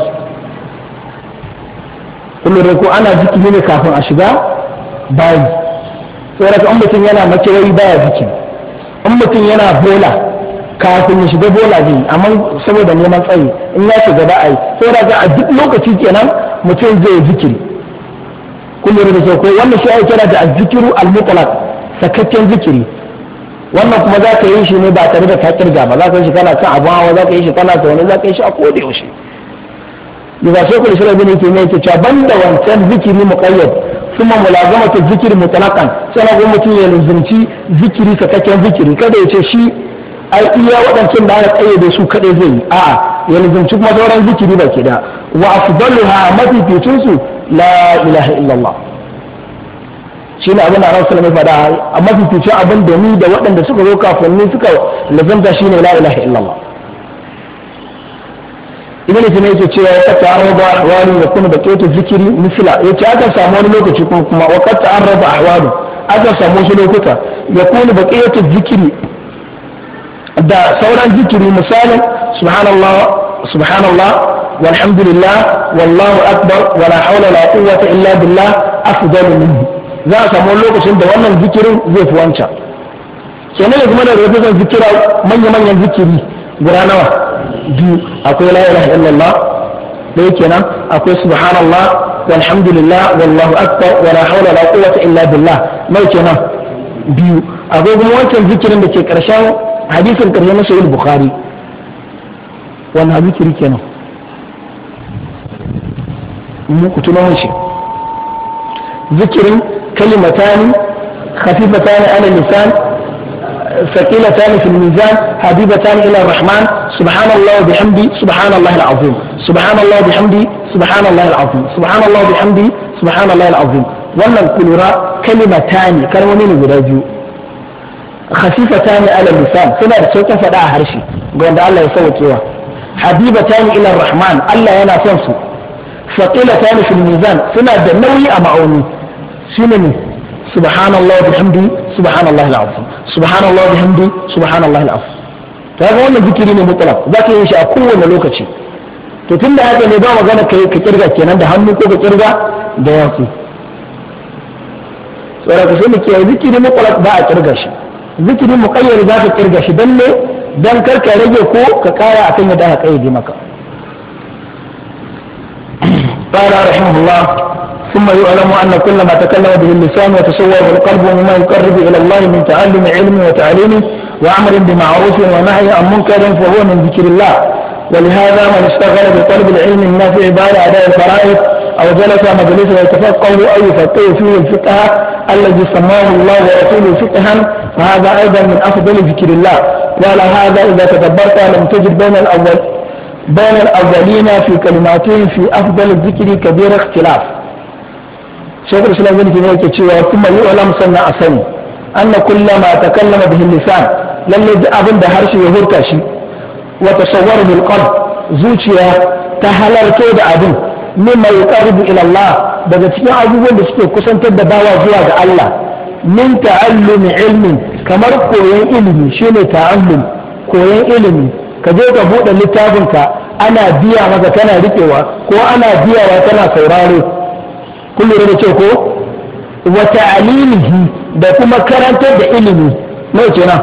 kullum ko ana zikiri ne kafin a shiga bayi tsoraka in mutum yana makewayi baya zikiri in mutum yana bola kafin ya shiga bola zai amma saboda neman tsayi in ya shiga ba a yi tsoraka a duk lokaci kenan mutum zai zikiri kullum da ke ko wannan shi ake kira da azzikiru al sakakken zikiri wannan kuma za ka yi shi ne ba tare da ka kirga ba za ka yi shi kana kan abu hawa za ka yi shi kana wani za ka yi shi a koda yaushe da shekul islam ibn taymiya yake cewa banda wancan zikiri muqayyad kuma mulazamatu zikiri mutlaqan sai ga mutum ya luzumci zikiri sakakken zikiri kada ya ce shi ai iya waɗancan da aka kayyade su kada zai yi a'a ya luzumci kuma sauran zikiri baki da wa afdaluha mafificin su la ilaha illallah shi ne abin da Allah sallama faɗa a mafificin abin da ni da waɗanda suka zo kafin ni suka lazanta shine la ilaha illallah ibn na yake cewa ya ta'arrada ahwalu wa kuma da kaita zikiri misla yace aka samu wani lokaci ko kuma wa qad ta'arrada ahwalu aka samu wasu lokuta ya kuma da kaita zikiri da sauran zikiri misalin subhanallah subhanallah walhamdulillah wallahu akbar wala hawla wala quwwata illa billah afdalu za a samu lokacin da wannan zikirin zai fi wancan kenan da kuma da rubutun zikira manya-manyan zikiri gura nawa biyu akwai la ilaha illallah da kenan akwai subhanallah walhamdulillah wallahu akbar wala hawla wala quwwata illa billah mai kenan biyu akwai kuma wancan zikirin da ke karshen hadisin karshen na sahih bukhari wannan zikiri kenan mu ku tuno shi zikirin kalimatani khafifatani ala lisan ثقيلتان في الميزان حبيبتان إلى الرحمن سبحان الله وبحمدي سبحان الله العظيم سبحان الله وبحمدي سبحان الله العظيم سبحان الله وبحمدي سبحان الله العظيم wannan kulura kalimatani kalmomi guda biyu khasifatani ala lisan suna da sauƙin faɗa a harshe ga wanda Allah ya saukewa habibatani rahman Allah yana son su faqilatani fil mizan suna da nauyi a ma'auni shine subhanallah wa bihamdi subhanallah al-azim subhanallah wa bihamdi subhanallah al-azim to ga wannan zikiri ne mutlaq zaka yin shi a kowane lokaci to tunda haka ne ba magana kai ka kirga kenan da hannu ko ka kirga da yatsu tsara ka sai mu kiyaye zikiri mutlaq ba a kirga shi zikiri muqayyad za ka kirga shi dan ne dan kar ka rage ko ka kara akan yadda aka kayyade maka قال رحمه الله ثم يعلم أن كل ما تكلم به اللسان وتصور القلب مما يقرب إلى الله من تعلم علم وتعليم وأمر بمعروف ونهي عن منكر فهو من ذكر الله ولهذا من اشتغل بطلب العلم النافع بعد أداء الفرائض أو جلس مجلسا يتفقه أو يفقه فيه الفقه الذي سماه الله ورسوله فقها فهذا أيضا من أفضل ذكر الله وعلى هذا إذا تدبرت لم تجد بين الأول بين الأولين في كلماتهم في أفضل الذكر كبير اختلاف shekul islam bin jini yake cewa kuma yi alam sannan a sani An anna kullama takallama bihin lisan lalle duk abin da harshe ya hurta shi Wata tasawwaru bil zuciya ta halarto da abin mimma yuqarribu ila Allah daga cikin abubuwan da suke kusantar da bawa zuwa ga Allah min ta'allumi ilmin kamar koyon ilimi shine ta'allum koyon ilimi ka je ka buɗe littafinka ana biya maka kana riƙewa ko ana biyawa tana sauraro kun lura da ce ko wa ta'limihi da kuma karantar da ilimi nawa kenan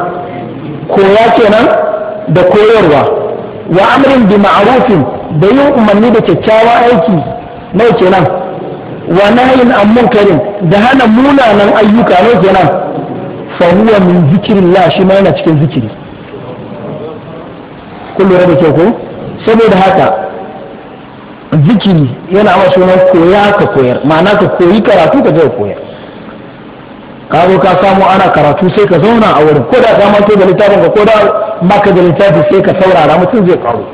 koya kenan da koyarwa wa amrin bi ma'rufin da yin umarni da kyakkyawan aiki nawa kenan wa nahyin an munkarin da hana munanan ayyuka nawa kenan fa huwa min zikrillah shi ma yana cikin zikiri kun lura da ko saboda haka zikiri yana ba sunan koya ka koyar ma'ana ka koyi karatu ka je koyar ka ka samu ana karatu sai ka zauna a wurin ko da ka manto da littafin ka ko da ka da littafi sai ka saurara mutum zai karu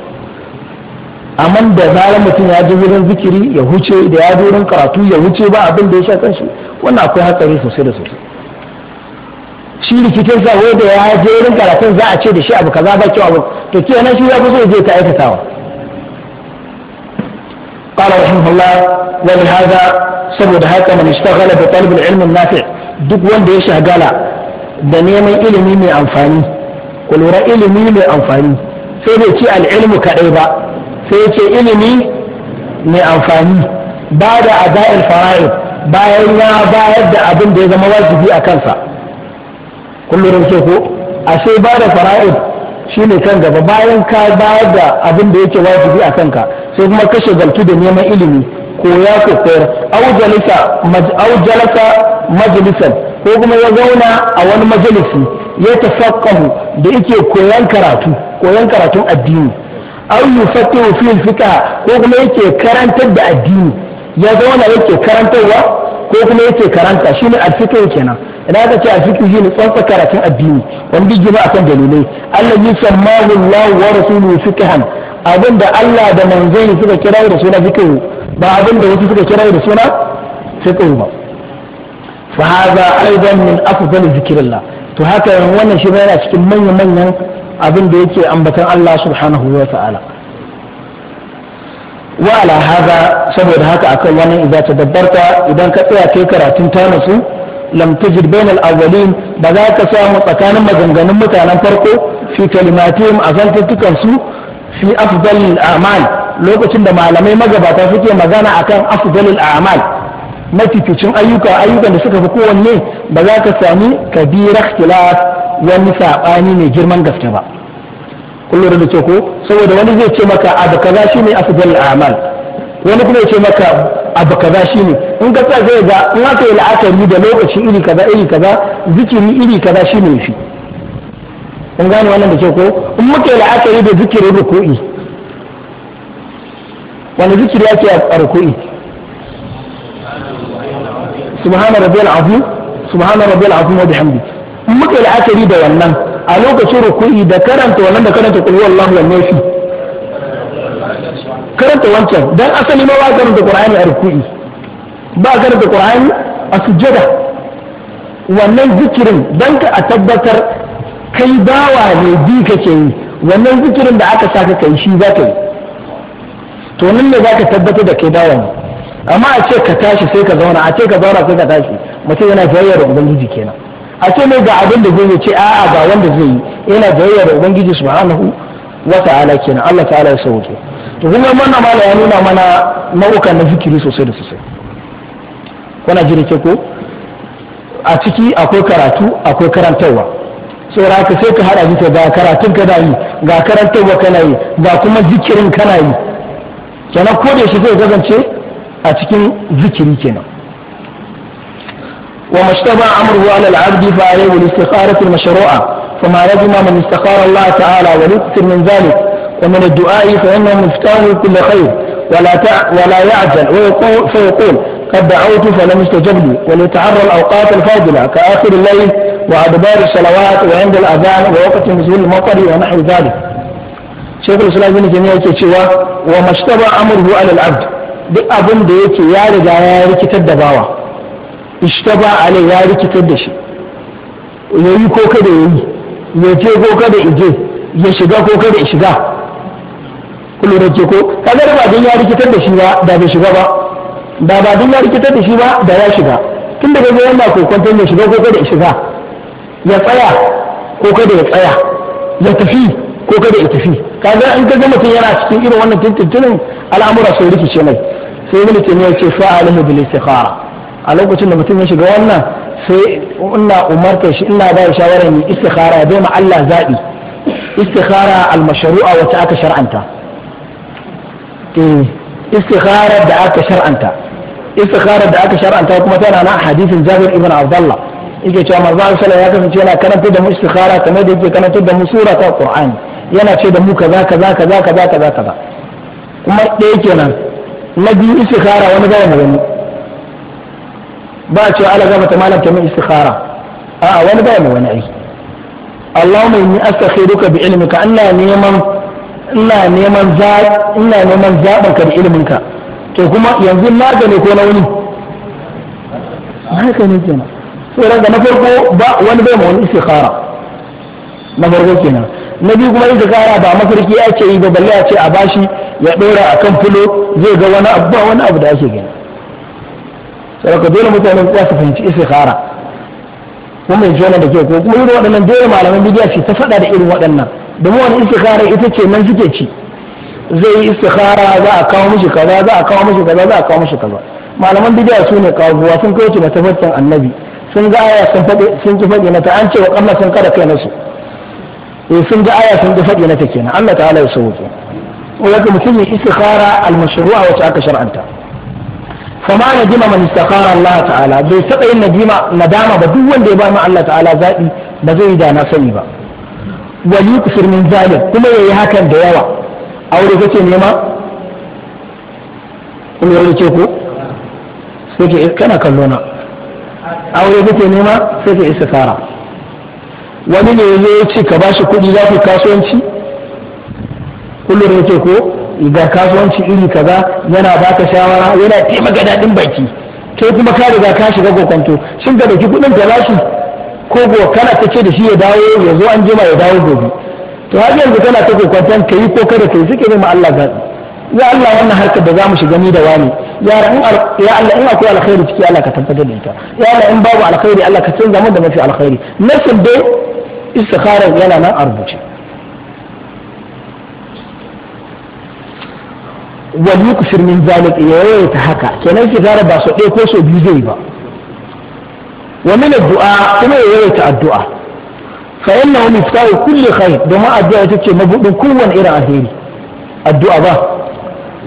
amma da zarar mutum ya ji wurin zikiri ya huce da ya wurin karatu ya huce ba abin da ya sha kanshi wannan akwai hatsari sosai da sosai shi rikicin sa wanda ya je wurin karatun za a ce da shi abu kaza ba kyau abu to kenan shi ya fi so ya je ta aikatawa قال رحمه الله ولهذا سبب هكا من اشتغل بطلب العلم النافع duk wanda ya shagala da neman ilimi mai amfani ku ilimi mai amfani sai bai ci al'ilmu kaɗai ba sai yace ilimi mai amfani ba da ada'il fara'id bayan ya bayar da abin da ya zama wajibi a kansa kullum ke ashe bada da fara'id Shi ne kan gaba bayan ka bayar da abin da yake wajibi a kanka sai kuma kashe shagaltu da neman ilimi ko ya ko koyar au jalasa majalisan ko kuma ya zauna a wani majalisi ya tafaqqahu da yake koyan karatu koyan karatun addini au yufattihu fil fiqh ko kuma yake karantar da addini ya zauna yake karantarwa ko kuma yake karanta shi ne alfiqh kenan idan aka ce alfiqh shi ne tsantsa karatun addini wanda gina akan dalilai Allah yi sammahu Allah wa rasuluhu fiqhan abinda Allah da manzon suka kira da suna fiqh ba abinda wasu suka kira da suna fiqh ba fa hada aidan min afdal zikrillah to haka wannan shi yana cikin manyan manyan abinda yake ambatan Allah subhanahu wa ta'ala wa ala hada saboda haka akan wannan idan ta dabbarta idan ka tsaya kai karatun ta nasu lam tajid bain awwalin ba za ka samu tsakanin maganganun mutanen farko fi kalimatihim a zantattukan su fi afdalil a'mal lokacin da malamai magabata suke magana akan afdalil a'mal mafificin ayyuka ayyukan da suka fi kowanne ba za ka sami kabira ikhtilaf wani sabani mai girman gaske ba kun lura da ce ko saboda wani zai ce maka abu kaza shine afdal a'mal wani kuma ya ce maka abu kaza shine in ka sa zai ga in aka yi la'akari da lokaci iri kaza iri kaza zikiri iri kaza shine shi kun gane wannan da ke ko in muka yi la'akari da zikirin ruku'i wani zikiri yake a ruku'i subhana rabbiyal azim subhana rabbiyal azim wa bihamdi in muka yi la'akari da wannan a lokacin rukuni da karanta wannan da karanta kullu wallahu wal nafi karanta wancan dan asali ma ba karanta qur'ani a rukuni ba karanta qur'ani a sujjada wannan zikirin dan ka a tabbatar kai bawa ne bi kake yi wannan zikirin da aka saka kai shi za ka yi to nan ne za ka tabbatar da kai bawa ne amma a ce ka tashi sai ka zauna a ce ka zauna sai ka tashi mutum yana jayyar da ubangiji kenan a ce mai ga abin da zai ce a'a ga wanda zai yi yana jayayya da ubangiji subhanahu wa ta'ala kenan Allah ta'ala ya sauke to kuma wannan mala ya nuna mana nau'ukan na zikiri sosai da sosai kuna ji ke ko a ciki akwai karatu akwai karantarwa saboda ka sai ka hada zuciya ga karatun kana yi ga karantarwa kana yi ga kuma zikirin kana yi kenan ko da shi zai kasance a cikin zikiri kenan وما اشتبه أمره على العبد فعليه الاستخارة المشروعة فما لزم من استخار الله تعالى وليكثر من ذلك ومن الدعاء فإنه مفتاح كل خير ولا تع... ولا يعجل ويقول فيقول قد دعوت فلم يستجب لي وليتعرى الأوقات الفاضلة كآخر الليل وأدبار الصلوات وعند الأذان ووقت نزول المطر ونحو ذلك. شيخ الإسلام ابن تيمية يقول وما اشتبه أمره على العبد بأبن ديكي يا رجال ya riga ishtaba alai ya rikitar da shi ya yi ko kada ya yi ya je ko kada ya je ya shiga ko kada ya shiga kullum da ke ko kaga da ba ya rikitar da shi ba da bai shiga ba da ba ya rikitar da shi ba da ya shiga tun da gaza yana kokwantar ya shiga ko kada ya shiga ya tsaya ko kada ya tsaya ya tafi ko kada ya tafi kaga in ka ga mutum yana cikin irin wannan tuntuntunin al'amura sai rikice mai sai wani ke ne ya ce fa'alimu bil istikhara a lokacin da mutum ya shiga wannan sai ina umarta shi ina ba shawarar yi istikhara bai ma Allah zaɓi istikhara al-mashru'a wata aka shar'anta eh istikhara da aka shar'anta istikhara da aka shar'anta kuma tana nan a hadisin Jabir ibn Abdullah yake cewa manzo Allah sallallahu ya kasance yana karantar da mu istikhara kamar da yake karantar da mu sura ta Qur'ani yana ce da mu kaza kaza kaza kaza kaza kaza kuma ɗaya kenan na biyu istikhara wani ga wani ba ce ala gaba ta malam kamar istikhara a'a wani ba mai wani aiki Allahumma inni astakhiruka bi ilmika ina neman ina neman za ina neman zaban ka da ilminka to kuma yanzu na gane ko na wani haka ne kenan sai ga na farko ba wani bai ma wani istikhara na farko kenan na biyu kuma istikhara ba mafarki ake yi ba balle a ce a bashi ya dora akan fulo zai ga wani abu ba wani abu da ake gani saboda dole mutane kuwa su fahimci isi istikhara kuma yanzu wannan da ke ko kuma irin waɗannan dole malaman bidiya ce ta faɗa da irin waɗannan da mu wani istikhara ita ce nan suke ci zai yi istikhara za a kawo mishi kaza za a kawo mishi kaza za a kawo mishi kaza malaman bidiya su ne kawo sun kauce na tafarkin annabi sun ga aya sun faɗi sun ji faɗi na ta an ce wa kamma sun kada kai nasu su eh sun ga aya sun ji faɗi na ta kenan Allah ta'ala ya sauke ko yake mutum ya istikhara al-mashru'a wacce aka shar'anta fama na jima man istakara Allah ta'ala bai taɓa yin nadima nadama ba duk wanda ya ba ma Allah ta'ala zaɓi ba zai yi da na sani ba wali kusur min zalim kuma yayi hakan da yawa aure kake nema kun lura ce ko sai ke kana kallo sai wani ne ya ce ka bashi kuɗi za kasuwanci kun ga kasuwanci iri kaza yana baka shawara yana taimaka daɗin baki kai kuma ka riga ka shiga kokonto shin ka dauki kuɗin ka bashi ko go kana ta ce da shi ya dawo ya zo an jima ya dawo gobe to har yanzu kana ta kokonton ka yi ko kada kai suke nema Allah ga ya Allah wannan harkar da zamu shiga ni da wani yara in ya Allah in akwai alkhairi ciki Allah ka tabbatar da ita ya Allah in babu alkhairi Allah ka canza mu da mafi alkhairi nasin dai istikharar yana nan a rubuce wani ku min zalik ya yi ta haka kenan zara ba su ɗaya ko so biyu zai ba wannan addu'a kuma ya yi ta addu'a fa yanna miftahu kulle kai domin addu'a ita ce mabudin kowane irin alheri addu'a ba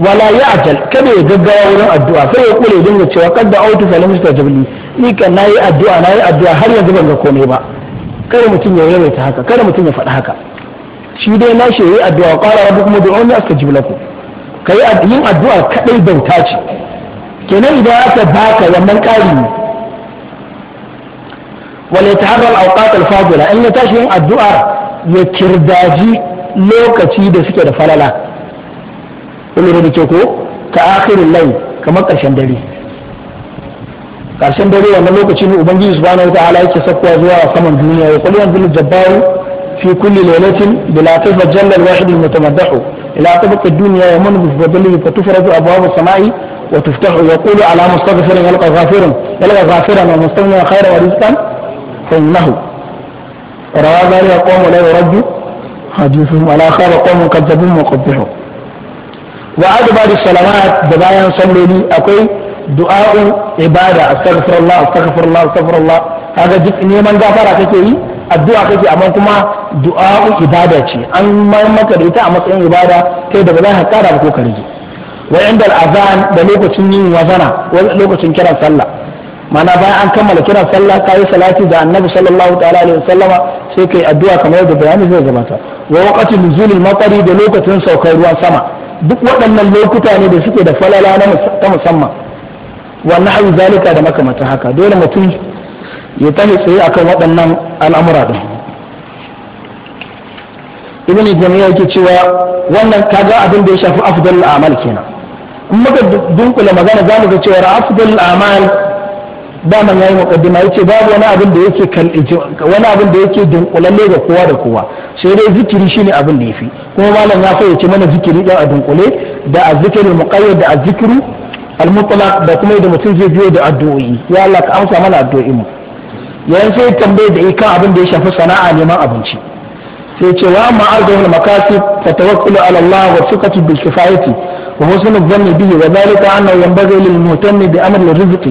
wala ajal kada ya gaggawa wurin addu'a sai ya kule dinga cewa kadda autu fa lamu ta jabli ni kan nayi addu'a nayi addu'a har yanzu ban ga komai ba kada mutum ya yawaita haka kada mutum ya faɗi haka shi dai na shi yayi addu'a qala rabbukum ud'uni astajib lakum Ka yi yin addu'a kaɗai bauta ce kenan idan aka baka wannan ƙari ne wal yataharra al awqat al in ya tashi yin addu'a ya kirdaji lokaci da suke da falala kullum da ke ko ka akhirul lai kamar ƙarshen dare Ƙarshen dare wannan lokaci ne ubangiji subhanahu wa ta'ala yake sakkuwa zuwa saman duniya ya kullu yanzu jabbaru في كل ليلة بلاتف جل الواحد المتمدح إلى طبق الدنيا يمن بفضله فتفرج أبواب السماء وتفتح يقول على مستغفر يلقى غافرا يلقى غافرا ومستغنيا خيرا ورزقا فإنه روى ذلك قوم لا يرد حديثهم على خير قوم كذبهم وقبحوا وعاد بعد الصلوات دبايا لي أقول دعاء عبادة أستغفر الله أستغفر الله أستغفر الله هذا جد نيمان غفر كثير addu'a kake amma kuma du'a'u ibada ce an maka da ita a matsayin ibada kai da ba za ka kara ba ko ka rage wa inda al'azan da lokacin yin wazana lokacin kiran sallah mana bayan an kammala kiran sallah kayi salati ga annabi sallallahu ta'ala alaihi wasallama sai kai addu'a kamar yadda bayani zai gabata wa waqatul nuzulil matari da lokacin saukar ruwan sama duk waɗannan lokuta ne da suke da falala na ta musamman wannan abu zalika da makamata haka dole mutum ya tashi tsaye akan waɗannan al'amura din ibn jami'a yake cewa wannan kaga abin da ya shafi afdalul a'mal kenan in muka dunkula magana zamu ga cewa afdalul a'mal daman yayi muqaddima yace babu wani abin da yake wani abin da yake dunkulalle ga kowa da kowa sai dai zikiri shine abin da yafi kuma malam ya fayyace mana zikiri da a dunkule da azzikrul muqayyad da azzikrul al-mutlaq da kuma da mutum zai biyo da addu'o'i ya Allah ka amsa mana addu'o'i mu yanzu ya tambaye da ika abin da ya shafi sana'a neman abinci sai ce wa amma arzuhul makasib fa tawakkalu ala Allah wa thiqatu bil kifayati wa husnu dhanni bihi wa dhalika annahu yanbaghi lil mutanni bi amr ar-rizq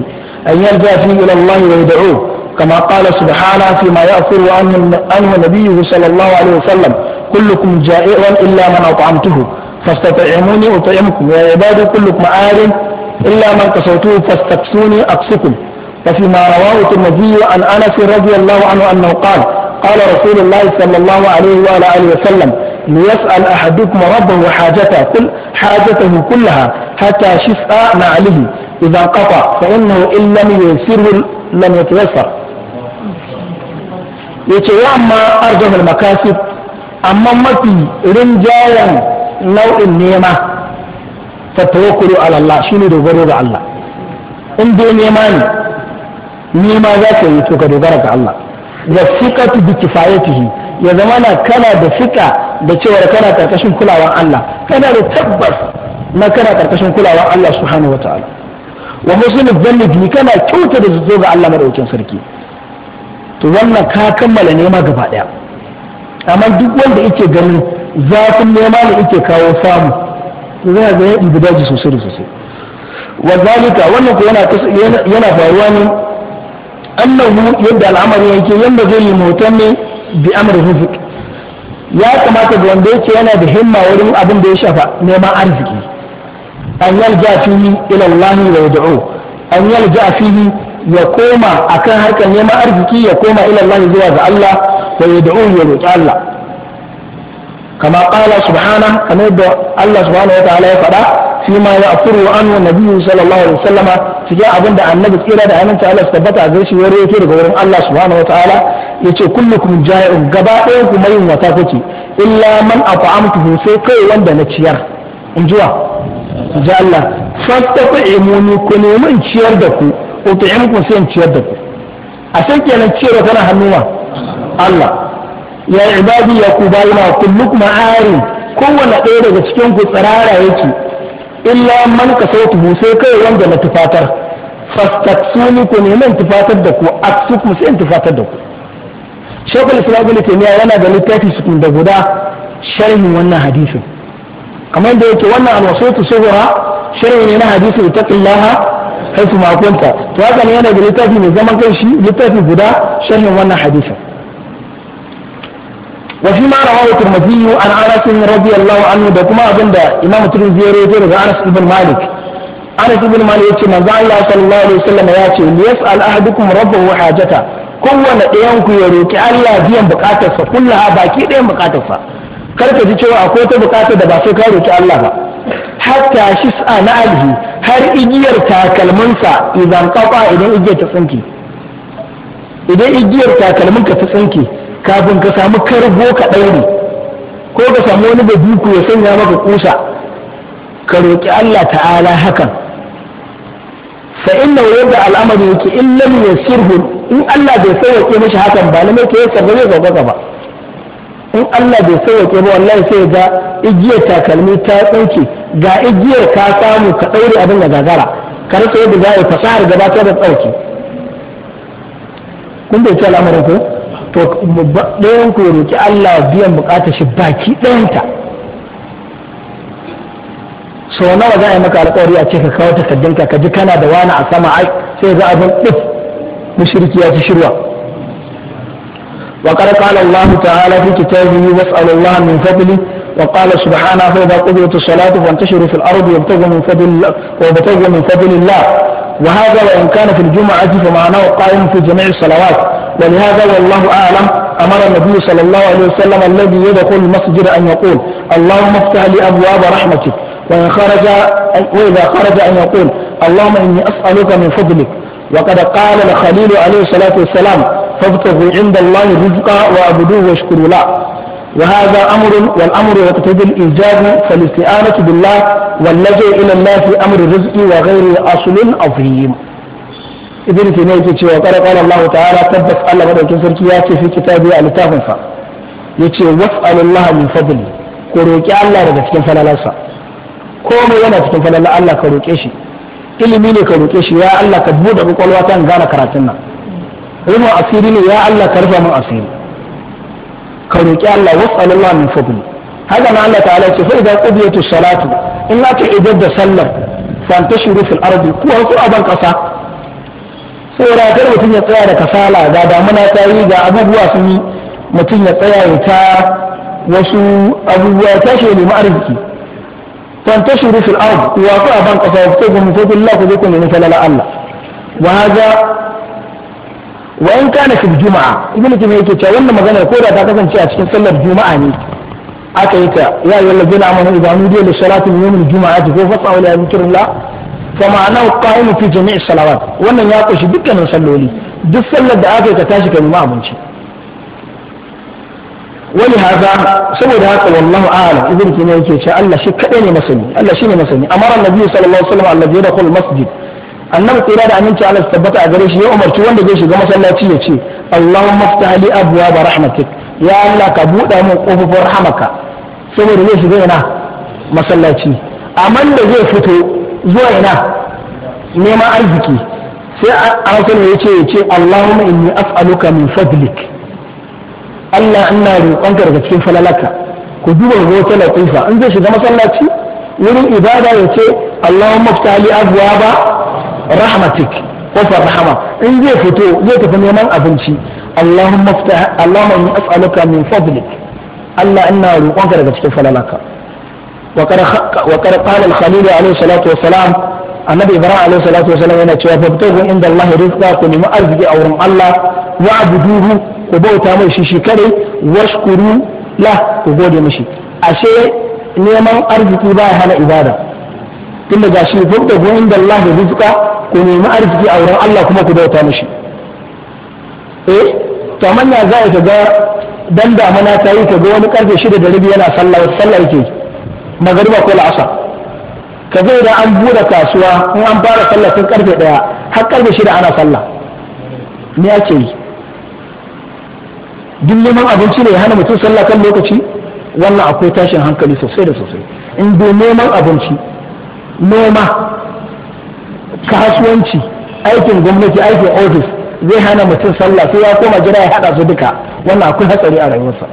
an yalja fi ila Allah wa yad'u kama qala كما fi ma فيما anhu anhu nabiyyu sallallahu صلى wa sallam kullukum كلكم illa man at'amtuhu أطعمته wa أطعمكم يا ibadu kullukum عار illa man كسوته فاستكسوني aksukum وفيما رواه النبي عن انس رضي الله عنه انه قال قال رسول الله صلى الله عليه وعلى اله وسلم ليسال احدكم ربه حاجته كل حاجته كلها حتى شفاء نعله اذا انقطع فانه ان لم ييسره لم يتيسر. yace wa amma arjamul makasib amma mafi rinjayen nau'in nema fa tawakkulu ala Allah shine dogaro ga Allah in dai nema ne ni ma za ka yi to ka dogara ga Allah wa fiqatu bi kifayatihi ya zama na kana da fika da cewar kana karkashin kulawan Allah kana da tabbas na kana karkashin kulawan Allah subhanahu wataala wa husnul zanni bi kana kyauta da zuzo ga Allah madaukakin sarki to wannan ka kammala nema gaba daya amma duk wanda yake ganin zafin nema ne yake kawo samu to zai ga ya sosai sosai wa zalika wannan ko yana faruwa ne annahu yadda al'amari yake yanda zai yi motan ne bi amri rizq ya kamata da wanda yake yana da himma wurin abin da ya shafa neman arziki an yalja fihi ila Allah wa yad'u an yalja fihi ya koma akan harkar neman arziki ya koma ila Allah zuwa ga Allah wa yad'u ya roki Allah kama qala subhana kamar da Allah subhanahu wa ta'ala ya faɗa فيما يأثر عنه النبي صلى الله عليه وسلم تجاه أبن النبي كيرا دا أمن تعالى استبتع ذيش وريكي رغورم الله سبحانه وتعالى يتو كلكم جائع قبائل كمين وتاكتي إلا من أطعمته سيكي وندا نتشير انجوا جاء الله فاستطعموني كنوا من تشير دكو أطعمكم سين تشير دكو أسنك أنا تشير وكنا هنوا الله يا عبادي يا كوباينا كلكم عاري kowane ɗaya daga cikin ku tsirara yake illa man kasautuhu sai kai wanda na tufatar fastaksuni ku ne neman tufatar da ku aksukum sai tufatar da ku shekul islam ibn taymiya yana da littafi su da guda sharhin wannan hadisin kamar da yake wannan alwasatu sughra sharhin ne na hadisin ittaqillaha haythu ma kunta to haka ne yana da littafi mai zaman kanshi littafi guda sharhin wannan hadisin ما رواه الترمذي عن انس رضي الله عنه ده كما ابن ده امام الترمذي يروي ده انس بن مالك انس بن مالك يقول من الله صلى الله عليه وسلم ياتي ليسال احدكم ربه حاجته kowane ɗayan ku ya roki Allah biyan bukatarsa kullaha baki ɗayan buƙatarsa. kar ka ji cewa akwai ta bukatar da ba sai ka roki Allah ba hatta sa na alhi har igiyar takalminsa idan kafa idan igiyar ta tsinke idan igiyar ta tsinke kafin ka samu kargo ka ɗaure ko ka samu wani baduku ya sanya maka kusa ka roƙi Allah ta'ala hakan fa inna yadda al'amari yake in lam yasirhu in Allah bai sauke mishi hakan ba lamai ke yasa ba zai sauka ba in Allah bai sauke ba wallahi sai ga igiyar takalmi ta tsauke ga igiyar ka samu ka ɗaure abin da gagara ka rasa yadda za a fasahar ta da ɗauke kun bai ce al'amarin ko to ɗayan ku roƙi Allah biyan shi baki ɗayanta nawa za a yi maka alƙawari a ce ka kawo takardunka ka ji kana da wani a sama ai sai ɗif mushriki ya ci shirwa وقد قال الله تعالى في كتابه واسأل الله من فضله وقال سبحانه فإذا قضيت الصلاة فانتشروا في الأرض وابتغوا من فضل الله وابتغوا من فضل الله وهذا وإن كان في الجمعة فمعناه قائم في جميع الصلوات ولهذا والله أعلم أمر النبي صلى الله عليه وسلم الذي يدخل المسجد أن يقول اللهم افتح لي أبواب رحمتك وإن خرج وإذا خرج أن يقول اللهم إني أسألك من فضلك وقد قال الخليل عليه الصلاة والسلام فابتغوا عند الله رزقا وأبدوه واشكروا له وهذا أمر والأمر يقتضي الإيجاب فالاستعانة بالله واللجوء إلى الله في أمر الرزق وغيره أصل عظيم ibn taymiya yake cewa qaraqala Allah ta'ala tabbas Allah madaukin sarki ya ce fi kitabi a littafin sa yace was'alullah min fadli ko roki Allah daga cikin falalarsa komai yana cikin falalar Allah ka roke shi ilimi ne ka roke shi ya Allah ka bude kwakwalwa ta gane karatun nan rumu asiri ne ya Allah ka rufe min asiri ka roki Allah was'alullah min fadli haka na Allah ta'ala ce fa idan qudiyatu salatu in la ta idda sallar fa antashiru fil ardi ku ku aban kasa saboda mutum ya tsaya da kasala ga damuna ta yi ga abubuwa sun yi mutum ya tsaya ya ta wasu abubuwa ya tashi ya nemi arziki fantashiru fil ard wa ku aban kasa ku gumu ko billah ku ku nemi falala Allah wa hada wa in kana fil juma'a ibnu taymiya yake cewa wannan magana ko da ta kasance a cikin sallar juma'a ne aka yi ta ya ayyuhal ladina amanu idza nudiya lis salati min yawmil juma'ati ko fas'alu ila dhikrillah kama nan qa'imu fi jami'i salawat wannan ya ƙunshi dukkanin salloli duk sallar da aka ka tashi ka nemi abinci wani haza saboda haka wallahu a'lam ibn kina yake cewa Allah shi ne masani Allah shine masani amara annabi sallallahu alaihi wasallam alladhi masjid annabi kira da aminci Allah tabbata a gare shi ya umarci wanda zai shiga masallaci ya ce Allahumma iftah li abwaab rahmatik ya Allah ka buɗa min kofofin rahamaka saboda zai shiga yana masallaci amma da zai fito zuwa ina neman arziki sai a hausa ne yace yace Allahumma inni as'aluka min fadlik Allah ina roƙonka daga cikin falalaka ku duba wata latifa in zai shiga masallaci wurin ibada yace Allahumma ftali abwaba rahmatik kofar rahama in zai fito zai tafi neman abinci Allahumma ftah Allahumma inni as'aluka min fadlik Allah ina roƙonka daga cikin falalaka وقد قال الخليل عليه الصلاة والسلام النبي إبراهيم عليه الصلاة والسلام yana cewa fabtahu inda Allah rizqa ku nemi arziki a wurin Allah wa'buduhu ku bauta mai shi shi kare washkuru la ku gode mishi ashe neman arziki ba hana ibada tunda ga shi fabtahu inda Allah rizqa ku nemi arziki a wurin Allah kuma ku bauta mishi E, to amma ya za ka ga dan damana ta ka ga wani karfe shida da rabi yana sallah sallah magariba ko la'asar ka zai da an buɗe kasuwa in an fara sallah tun karfe ɗaya har karfe shida ana sallah me ake yi duk neman abinci ne ya hana mutum sallah kan lokaci wannan akwai tashin hankali sosai da sosai in dai neman abinci noma kasuwanci aikin gwamnati aikin ofis zai hana mutum sallah sai ya koma jira ya hada su duka wannan akwai hatsari a rayuwarsa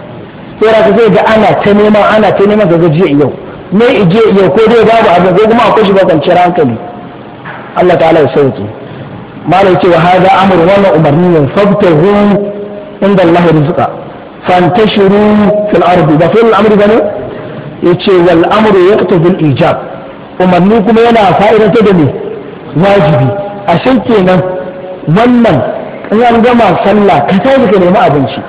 sai ka zai ga ana ta neman ana ta neman ga jiya yau mai ije ya ko dai babu abin ko kuma akwai shiga kwanciyar hankali Allah ta'ala ya sauke Malam ce wa hada amur wannan umarni ne fabtahu inda Allah rizqa fantashiru fil ardi ba fil amri bane yace wal amru yaqtadi ijab umarni kuma yana fa'idata da ne wajibi a kenan wannan in an gama sallah ka tafi ka nemi abinci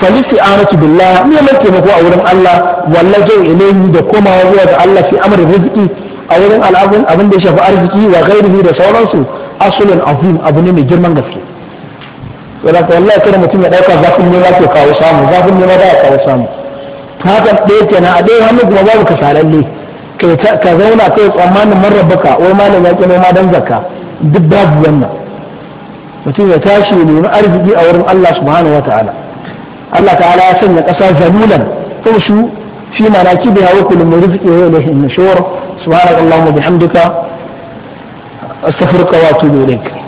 falisi anatu billah neman taimako a wurin Allah wallaje ilayhi da komawa zuwa ga Allah fi amrin rizqi a wurin al'abun abin da ya shafi arziki wa ghairihi da sauransu asulun azim abu ne mai girman gaske wala ta wallahi kada mutum ya ɗauka zafin ne ke kawo samu zafin ne ba ya kawo samu hakan ɗaya kenan a ɗaya hannu kuma babu kasalalle ka zauna kai tsammanin mun rabbaka wai malam ya ke noma dan zakka duk babu wannan mutum ya tashi ne arziki a wurin Allah subhanahu wataala Allah ta'ala ya sanya ƙasa zalulan faushu fi manakibiha wa kullu min rizqi wa ilayhi an-nushur subhanakallahumma bihamdika astaghfiruka wa atubu ilayk